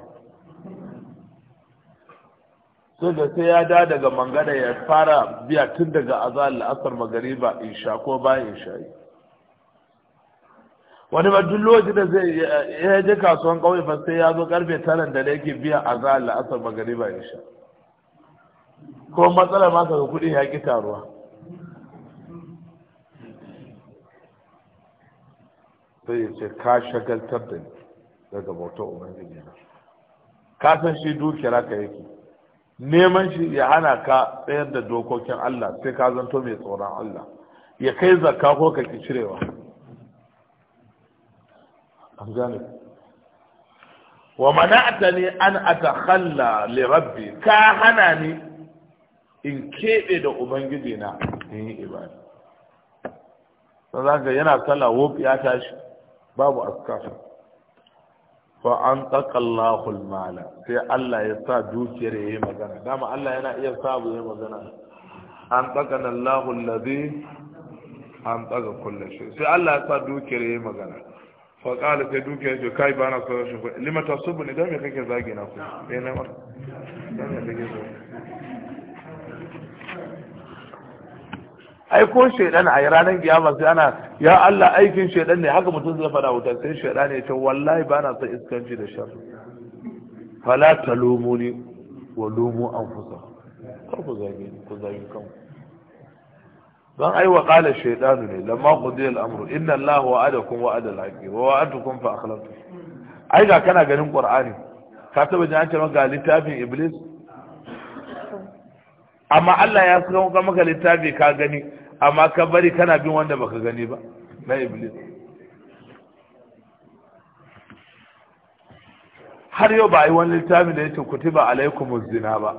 sai da sai ya da daga mangana ya fara biya tun daga azal asar magariba sha ko bayan yi. wani ba duk da zai ya je kasuwan kauye fa sai ya zo karfe tara da yake biya azal asar magariba sha ko matsalar ma ka kuɗi ya ki taruwa sai ya ce ka shagaltar da ni daga bautar umarni na ka san shi ka yake neman shi ya hana ka tsayar da dokokin Allah sai ka zanto mai tsoron Allah ya kai zakka ko ka ki cirewa an gane wa mana'atani an atakhalla li rabbi ka hana ni in kebe da ubangiji na in yi ibada sai zaka yana sallah wofi ya tashi babu askafa fa an taqallahu mala sai Allah ya sa dukiyar yayi magana dama Allah yana iya sa bu yayi magana an taqana Allahu allazi an taqa kullu shay sai Allah ya sa dukiyar yayi magana fa qala sai dukiyar ce kai bana so shi lima tasubuni dan me kake zagi eh, na ku dan me kake so ai ko shaidan a ranar kiyama sai ana ya Allah aikin shaidan ne haka mutum zai fada wuta sai shaidan ya ce wallahi ba na son iskanci da shar fala talumuni wa lumu anfusa kar ku zage ni ku zage kanku dan ai wa qala ne lamma qudiya al-amru inna allaha wa'adakum wa'ada al-haqi wa wa'adtukum fa akhlaftum ai ga kana ganin qur'ani ka taba jin an ce maka littafin iblis amma Allah ya suka maka littafi ka gani amma ka bari kana bin wanda baka gani ba na iblis har yau ba a yi wani littafi da yake kutiba alaikum zina ba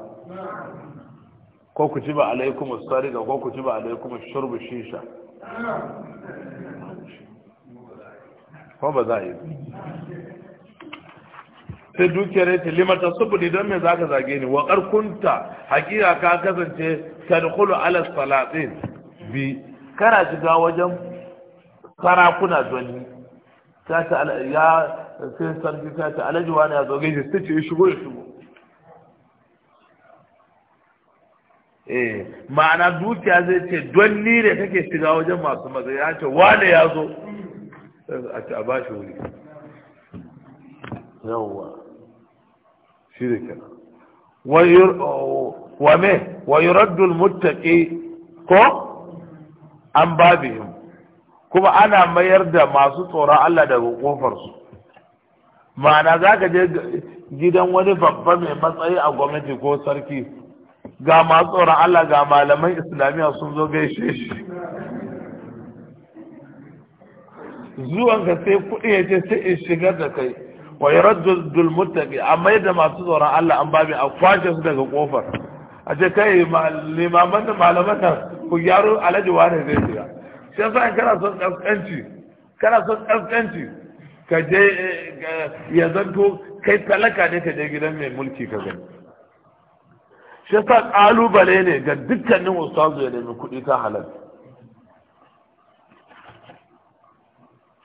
ko kutiba alaikum sariga ko kutiba alaikum shurbu shisha ko ba za a yi sai dukiyar ta limata subudi don me za ka zage ni wa karkunta hakika ka kasance tadkhulu ala salatin bi kana shiga wajen sarakuna zoni ta ta ya sai sarki ta ta alaji wani ya zoge shi, sai ce shigo ya shigo eh ma'ana dukiya zai ce don ni ne kake shiga wajen masu maza ya ce wane ya zo a ce a bashi wuri yawwa shine ke wa me wa yuraddul muttaqi ko an babihim kuma ana mayar da masu tsoron Allah daga ƙofarsu. ma'ana za ka je gidan wani babba mai matsayi a gwamnati ko sarki ga masu tsoron Allah ga malaman islamiyya sun zo gaishe shi zuwanka sai kuɗi ya ce sai in shigar da kai wa yuraddu dul muttaqi amma yadda masu tsoron Allah an babi a kwace su daga kofar a ce kai limaman da malaman ku gyaro alaji wani zai shiga shi yasa in kana son kaskanci kana son kaskanci ka je ya zanto kai talaka ne ka je gidan mai mulki ka gani shi yasa kalubale ne ga dukkanin ustazu ya nemi kuɗi ta halal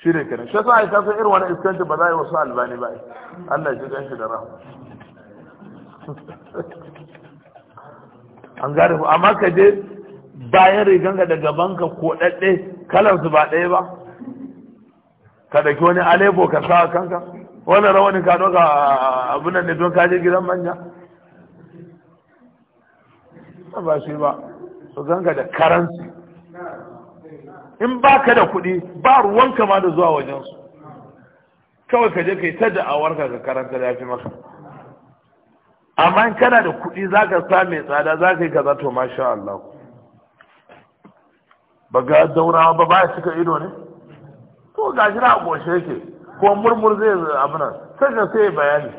shi ne kenan shi yasa ai kasan irin wani iskanci ba za a yi wasu albani ba Allah shi ji ganshi da rahama an gane ku amma ka je bayan riganka da gabanka ko ɗaɗɗe kalar su ba ɗaya ba ka ɗauki wani alebo ka sa kanka wani rawani ka ɗauka abin nan ne don ka je gidan manya ba shi ba su ganka da karanci in ba ka da kuɗi ba ruwanka ma da zuwa wajensu kawai ka je ka yi ta da'awar ka karanta da fi maka amma in kana da kuɗi za ka sa mai tsada za ka yi kaza to masha Allah ba ga daurawa ba ba cika ido ne to ga shi na goshe yake ko murmur zai abu nan sai ka sai bayani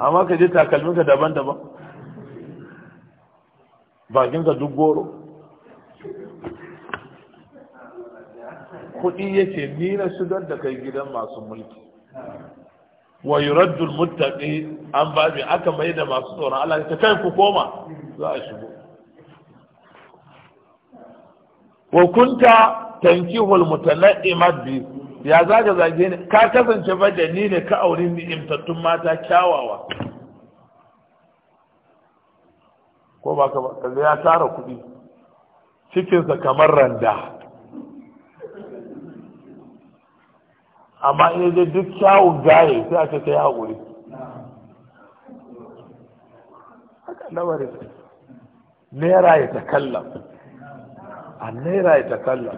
amma ka je takalminka daban-daban bakinka duk goro kuɗi yake ni na shigar da kai gidan masu mulki wa yuraddu almuttaqi an ba mi aka mai da masu tsoron Allah ta kai ku koma za a shigo wa kunta tankihul mutanaimat bi ya zaga zage ni ka kasance ba da ni ne ka aure ni imtattun mata kyawawa ko ba ka ya tara kuɗi cikinsa kamar randa amma ina je duk kyawun gaye sai a ce ta yi haƙuri haka lamarin naira ya ta kalla a naira ya ta kalla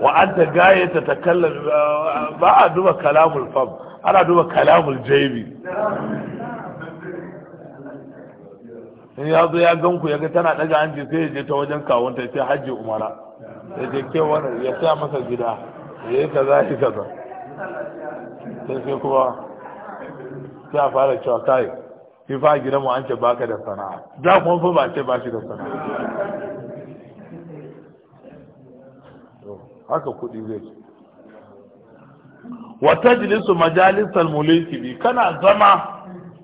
wa an ta gaye ta ta kalla ba a duba kalamul fam ana duba kalamul jaibi in ya zo ya gan ku ya ga tana daga hanci sai ya je ta wajen kawunta sai hajji umara ya je kewar ya sa masa gida ya yi kaza ya kaza sai kuma sai a fara cewa kai ki fa gidan mu an ce baka da sana'a da kuma fa ba ce ba shi da sana'a haka kuɗi zai ci. wa tajlisu majalisal mulki bi kana zama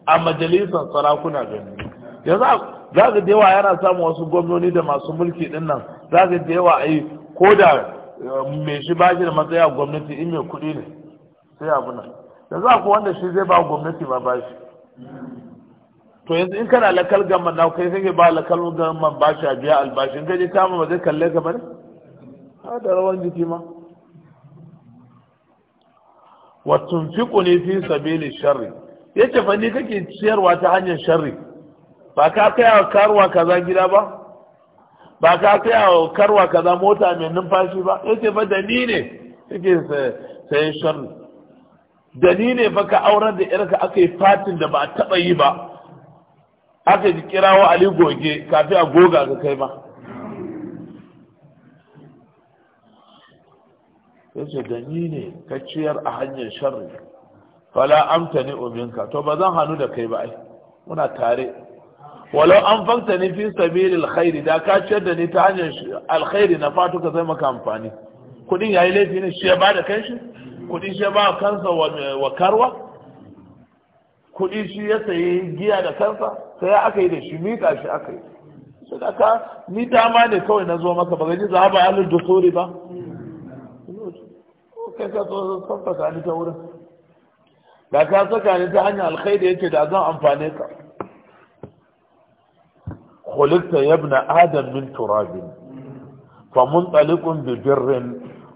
a Majalisan sarakuna gani yanzu za ga da yawa yana samun wasu gwamnoni da masu mulki din nan za ga da yawa ai ko da eh, mai shi ba shi da matsaya gwamnati in mai kuɗi ne sai abu nan yanzu ku wanda shi zai ba gwamnati ma ba shi to yanzu in kana lakal gamman na kai kake ba lakal gamman ba shi a biya albashi in kaje kama ba zai kalle ka bane a da rawan jiki ma wa ni fi sabili sharri yace fa ni kake ciyarwa ta hanyar sharri ba ka kai karwa kaza gida ba ba ka kai karwa kaza mota mai numfashi ba yace fa da ni ne kake sayan sharri da ni ne baka auren da yarka aka yi fatin da ba a taɓa yi ba aka ji kirawo ali goge kafin a goga ga kai ba yace da ni ne ka ciyar a hanyar sharri fala amtani uminka to ba zan hannu da kai ba ai muna tare walau an fanta ni fi sabili alkhairi da ka ciyar da ni ta hanyar alkhairi na ka zai maka amfani kudin yayi laifi ne shi ya bada kai shi kuɗi shi ba kansa wa karwa kuɗi shi ya sayi giya da kansa sai aka yi da shi miƙa shi aka yi sai ka ni dama ne kawai na zo maka ba gaji za ba da dusuri ba kai ka so san fasa ta wurin da ka saka ni ta hanyar da yake da zan amfane ka خلقت يا ابن آدم من تراب فمنطلق ببر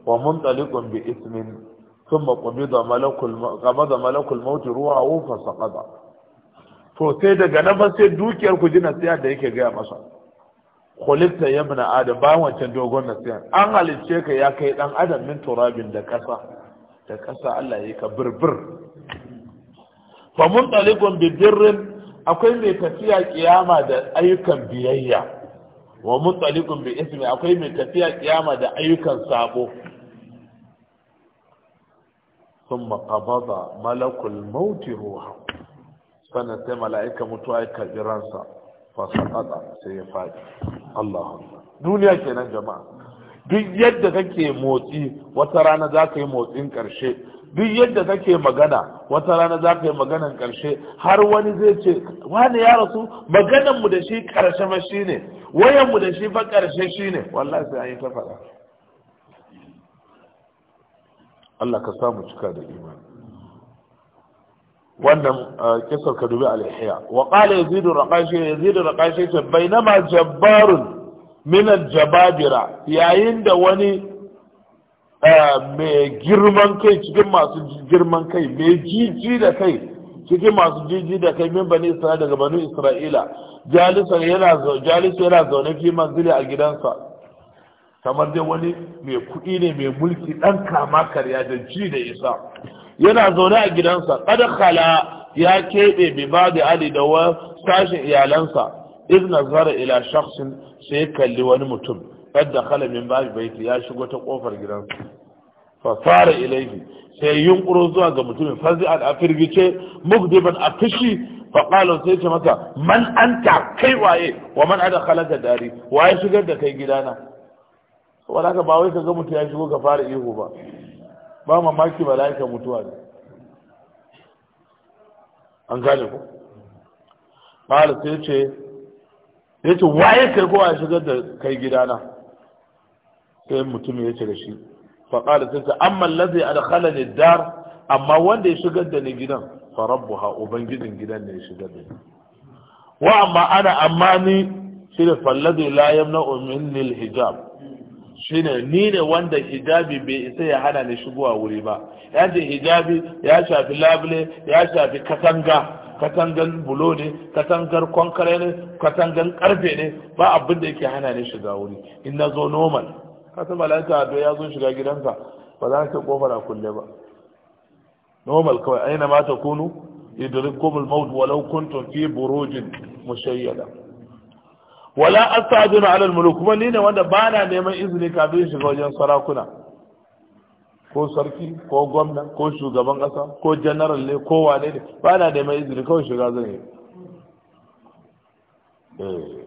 ومنطلق بإثم ثم قبض ملك قبض ملك الموت روحه فسقط to sai daga nan fa sai dukiyar ku ji nasiha da yake gaya masa khuliqta ya ibn adam wancan dogon nasiha an halicce ka ya kai dan adam min turabin da kasa da kasa Allah ya ka birbir fa mun bi akwai mai tafiya kiyama da ayyukan biyayya wa mun talikun bi ismi akwai mai tafiya kiyama da ayyukan sabo sun maƙababa malakul mauti ruha sannan sai mala'ika mutuwa ya karɓi ransa fasaɗaɗa sai ya duniya kenan jama'a duk yadda kake motsi wata rana za ka yi motsin ƙarshe duk yadda kake magana wata rana za ka yi maganan ƙarshe har wani zai ce wani ya rasu maganan mu da shi ƙarshe ma shine wayan mu da shi fa ƙarshe shine wallahi sai an yi ta faɗa Allah ka samu cika da imani wannan uh, kisar ka dubi alhiya wa qala yazidu raqashi yazidu raqashi ce bainama jabbarun min aljababira yayin da wani uh, mai girman kai cikin masu girman kai mai jiji da kai cikin masu jiji da kai min bani isra'ila daga bani isra'ila jalisa yana zaune fi manzili a gidansa kamar dai wani mai kuɗi ne mai mulki ɗan kama karya da ji da isa yana zaune a gidansa kala ya keɓe bi ba da ali da sashen iyalansa iz nazara ila shakhsin sai kalli wani mutum kadda kala min babi baiti ya shigo ta kofar gidansa fa fara ilaihi sai yunƙuro zuwa ga mutumin fazi'an a firgice mugdiban a fishi fa qala sai ce masa man anta kai waye wa man adkhalaka dari waye shigar da kai gidana Wala ka ba wai ka ga mutum ya shigo ka fara ihu ba ba mamaki ba laika mutuwa ne an gane ku ƙara sai ce ya ce waye kai kowa ya shigar da kai gidana sai mutum ya ce da shi fa kala sai ce amma mallaze a da ne dar amma wanda ya shigar da ni gidan fa rabu ha ubangijin gidan ne ya shigar da ni wa amma ana amma ni shi da fallaze la yamna minni hijab shine ni ne wanda hijabi bai isa ya hana ni shigowa wuri ba ya ce hijabi ya shafi labule ya shafi katanga katangan bulo ne katangar kwankare ne katangan karfe ne ba abin da yake hana ni shiga wuri in na zo normal kasa malaka da ya zo shiga gidansa ba za ka kofar a kulle ba normal kawai aina ma ta kunu idrikumul maut walau kuntum fi burujin mushayyada wala astaduna alal muluk kuma ni ne wanda ba na neman izini kafin shiga wajen sarakuna ko sarki ko gwamna ko shugaban kasa ko general ne ko wane ne ba na neman izini kawai shiga zan yi eh.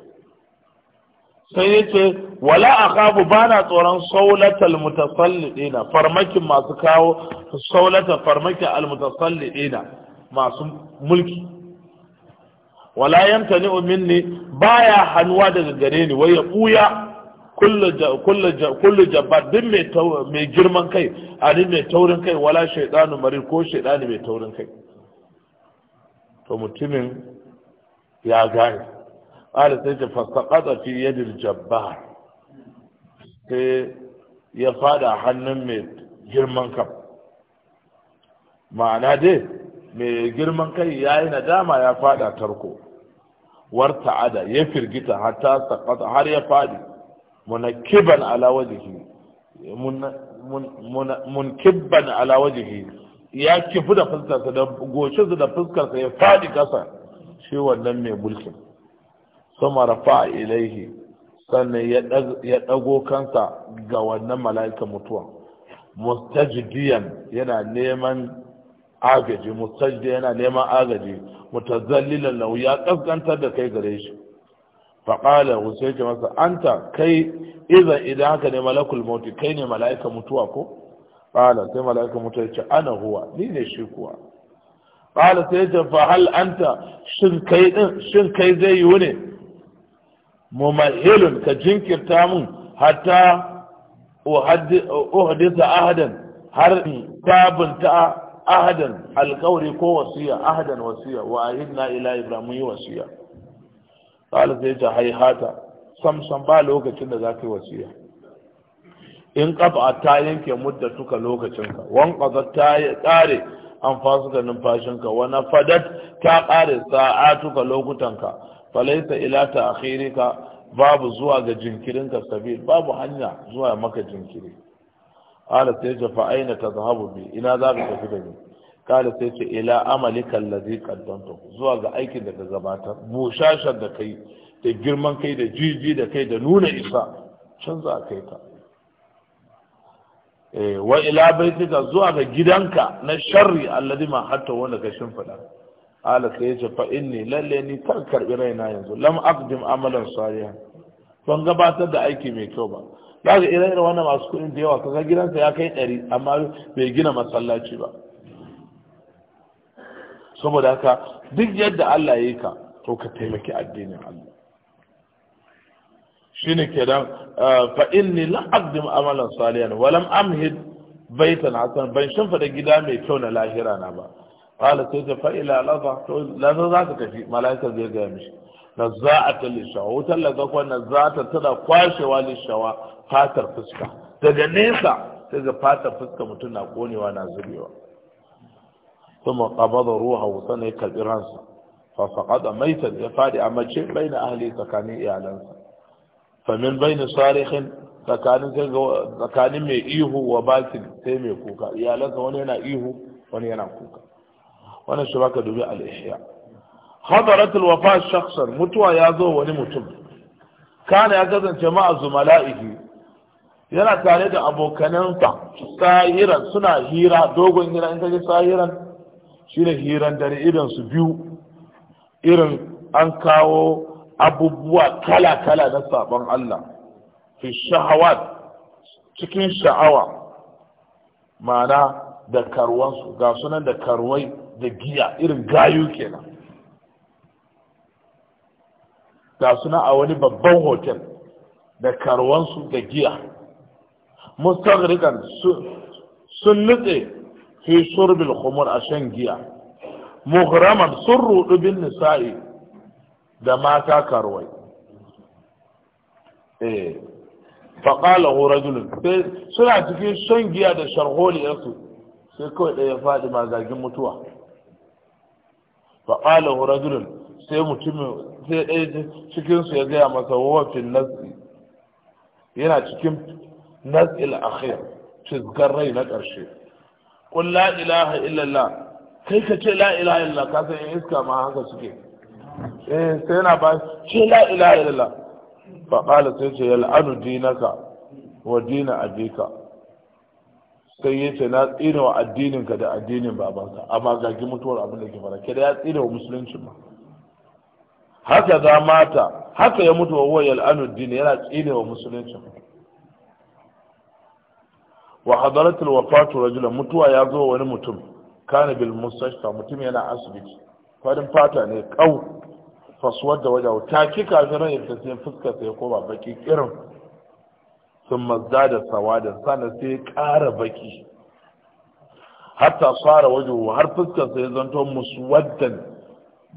sai ya ce wala ba bana tsoron saulatal mutasallidina farmakin masu kawo saulata farmakin almutasallidina masu mulki wala yamtani minni baya hannuwa daga gare ni wai ya buya kullu jabbar din mai girman kai ani mai taurin kai wala shaidanu marir ko shaidani mai taurin kai to mutumin ya gane ƙara sai ta fasakata fi yadil jabbar sai ya fada hannun mai girman kai ma'ana dai mai girman kai ya yi nadama ya fada tarko warta ada ya firgita hatta saqata har ya fadi munakiban ala wajhihi munkibban ala wajhihi ya kifu da fuskarsa da goshinsa da fuskarsa ya fadi kasa shi wannan mai mulkin sama rafa ilaihi sannan ya dago kansa ga wannan mala'ika mutuwa mustajdiyan yana neman agaji mustajidi yana neman agaji mutazallilan lahu ya kaskantar da kai gare shi faƙala sai ce masa anta kai idan idan haka ne malakul mauti kai ne mala'ika mutuwa ko ƙala sai mala'ika mutuwa ya ce ana huwa ni ne shi kuwa ƙala sai ya ce fa hal anta shin kai din shin kai zai yi wune mumahilun ka jinkirta mun hatta uhaddisa ahadan har sabunta ahadan alkawari ko wasiya ahadan wasiya wa ahidna ila ibrahim yi wasiya qala sai ta haihata sam sam ba lokacin da za ka yi wasiya in qaba ta yanke tuka lokacinka wan qada ta kare an ka numfashinka wa nafadat ta kare sa'atuka lokutanka falaita ila ta akhirika babu zuwa ga jinkirinka sabil babu hanya zuwa maka jinkiri qala sai ce fa aina tadhhabu bi ina za ka tafi da ni qala sai ce ila amalika allazi qaddamta zuwa ga aikin da ka gabatar bushashar da kai da girman kai da jiji da kai da nuna isa canza za kai ka eh, wa ila baitika zuwa ga gidanka na sharri allazi ma hatta wanda ka shimfida qala sai ce fa inni lalle ni kan karbi raina yanzu lam aqdim amalan salihan ban gabatar da aiki mai kyau ba Ba ga ire wannan masu kuɗin da yawa kaga gidansa ya kai ɗari amma bai gina masallaci ba saboda haka duk yadda Allah ya yi ka to ka taimaki addinin Allah ke kenan ah, fa inni la aqdim amalan salihan wa lam amhid baitan hasan ban shin gida mai kyau na lahira na ba qala sai ta fa ila to za ka tafi malaikar zai ga mishi nazza'ata lishawa wutar lagakwa nazza'ata tana kwashewa lishawa fatar fuska daga nesa sai ga fatar fuska mutum na konewa na zubewa kuma qabada ruha wuta ne karbi ransa fa faqada maitan ya fadi ce bai baina ahli tsakanin iyalansa fa min baina sarihin tsakanin mai ihu wa batil sai mai kuka iyalansa wani yana ihu wani yana kuka wannan shi baka dubi al hadaratul wafa shakhsan mutuwa ya zo wani mutum kana ya kasance ma'a zumala'ihi yana tare da abokanansa sahiran suna hira dogon hira in kaje sahiran shine hiran dare irin su biyu irin an kawo abubuwa kala-kala na sabon Allah fi shahawat cikin sha'awa ma'ana da karuwansu ga sunan da karuwai da giya irin gayu kenan ga suna a wani babban hotel da karwansu da giya mustaghrikan sun nutse fi shurbil khumur a shan giya mughraman sun rudu bin nisa'i da mata karwai eh faƙala rajulun sai suna cikin shan giya da sharholiyarsu sai kawai ɗaya faɗi mazagin mutuwa hu rajulun sai mutumin sai ɗaya cikinsu ya gaya masa wafin nasi yana cikin nasil akhir fizgar rai na ƙarshe kun la ilaha illallah kai ka ce la ilaha illallah ka san yin iska ma haka suke eh sai yana ba ce la ilaha illallah fa qala sai ce yal'anu dinaka wa dina abika sai ya ce na tsira wa addininka da addinin babanka amma ga mutuwar abin da ke fara ke da ya tsira wa musulunci ma haka za mata haka ya mutu wa huwa anuddin yana tsine wa musulunci wa hadaratul wafatu rajulan mutuwa ya zo wani mutum kana bil mustashfa mutum yana asibiti farin fata ne kau fasuwar da wajen ta ki kafin ran sai fuskar sai koma baki kirin sun mazda da sawadin sana sai kara baki hatta fara wajen har fuskar sai zanto musuwaddan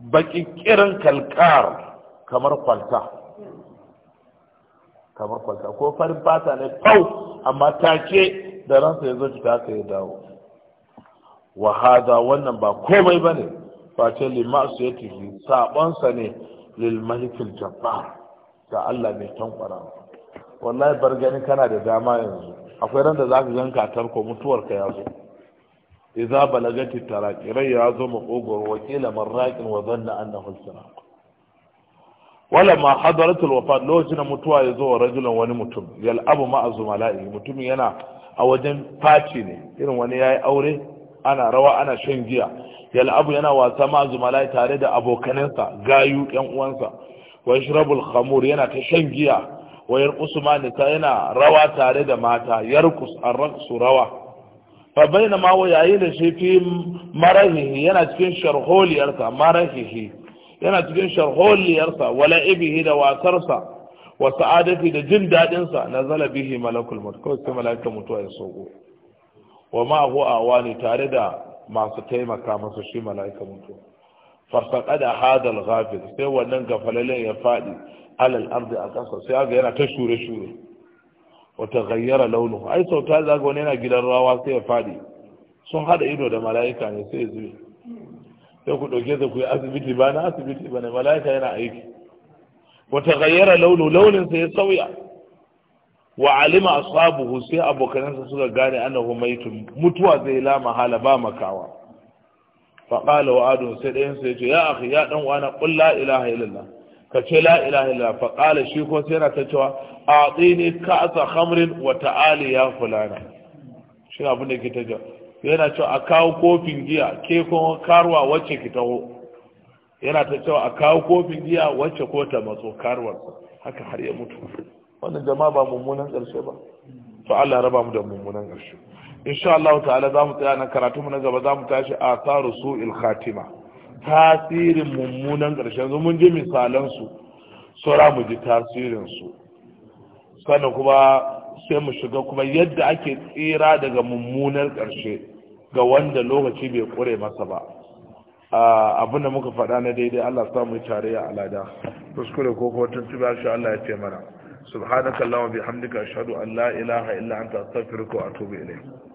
Bakin kirin kalkar kamar kwalta kamar kwalta ko farin fata ne kau amma ta ce da ransa ya zo jika ka ya dawo wa wannan ba komai ba ne face limasu ya tafi sabonsa ne lil jabbar ga Allah mai tankwara wallahi bar gani kana da dama yanzu akwai ran da zaka ganka tarko mutuwar ka ya zo idza balagati taraqi rai ya zo makogoro wa kila marraqin wa zanna annahu al-siraq wala ma hadarat al-wafat lokacin mutuwa ya zo wa rajulan wani mutum yal'abu ma'a zumala'i mutumin yana a wajen faci ne irin wani yayi aure ana rawa ana shan giya yal'abu yana wasa ma'a zumala'i tare da abokanansa gayu yan uwansa wa yashrabul khamur yana ta shan giya wa usman nisa yana rawa tare da mata yarqus ar-raqsu rawa fa baina ma wa yayi da shi fi marahihi yana cikin sharholiyarsa marahihi yana cikin sa wala ibihi da sa wa sa'adati da jin dadin sa nazala bihi malakul maut kawai sai malaika mutuwa ya sauko wa ma huwa awani tare da masu taimaka masa shi malaika mutuwa farsaqa da hadal ghafil sai wannan gafalalen ya fadi alal ardi a kasa sai ga yana ta shure shure wata gayyara launuhu ai sau ta zaga wani yana gidan rawa sai ya faɗi sun haɗa ido da mala'ika ne sai ya zube sai ku ɗauke da ku yi asibiti bana asibiti bana mala'ika yana aiki wata gayyara launu launin sai ya sauya wa alima ashabuhu sai abokanansa suka gane annahu maitun mutuwa zai la mahala ba makawa fa qala wa adun sai dayan sai ya ce ya akhi ya dan wana qul la ilaha illallah ka ce la ilaha illa fa qala shi ko sai yana ta cewa a'tini ka'sa khamrin wa ta'ali ya fulana shi abin da ke ta cewa yana cewa a kawo kofin giya ke ko karwa wacce ki taho yana ta cewa a kawo kofin giya wacce ko ta matso karwar. haka har ya mutu wannan jama'a ba mummunan ƙarshe ba to Allah raba mu da mummunan ƙarshe insha Allah ta'ala za mu tsaya nan karatu mu na gaba za mu tashi a tsaru su'il khatima tasirin mummunan ƙarshen su mun ji misalansu saura mu ji tasirinsu sannan kuma sai mu shiga kuma yadda ake tsira daga mummunar ƙarshe ga wanda lokaci bai ƙure masa ba abin da muka faɗa na daidai Allah sa samu tare ya alada kuskure ko kotun tuba shi Allah ya ce mana allahumma bihamdika ashhadu an la ilaha illa anta astaghfiruka wa atubu ilayk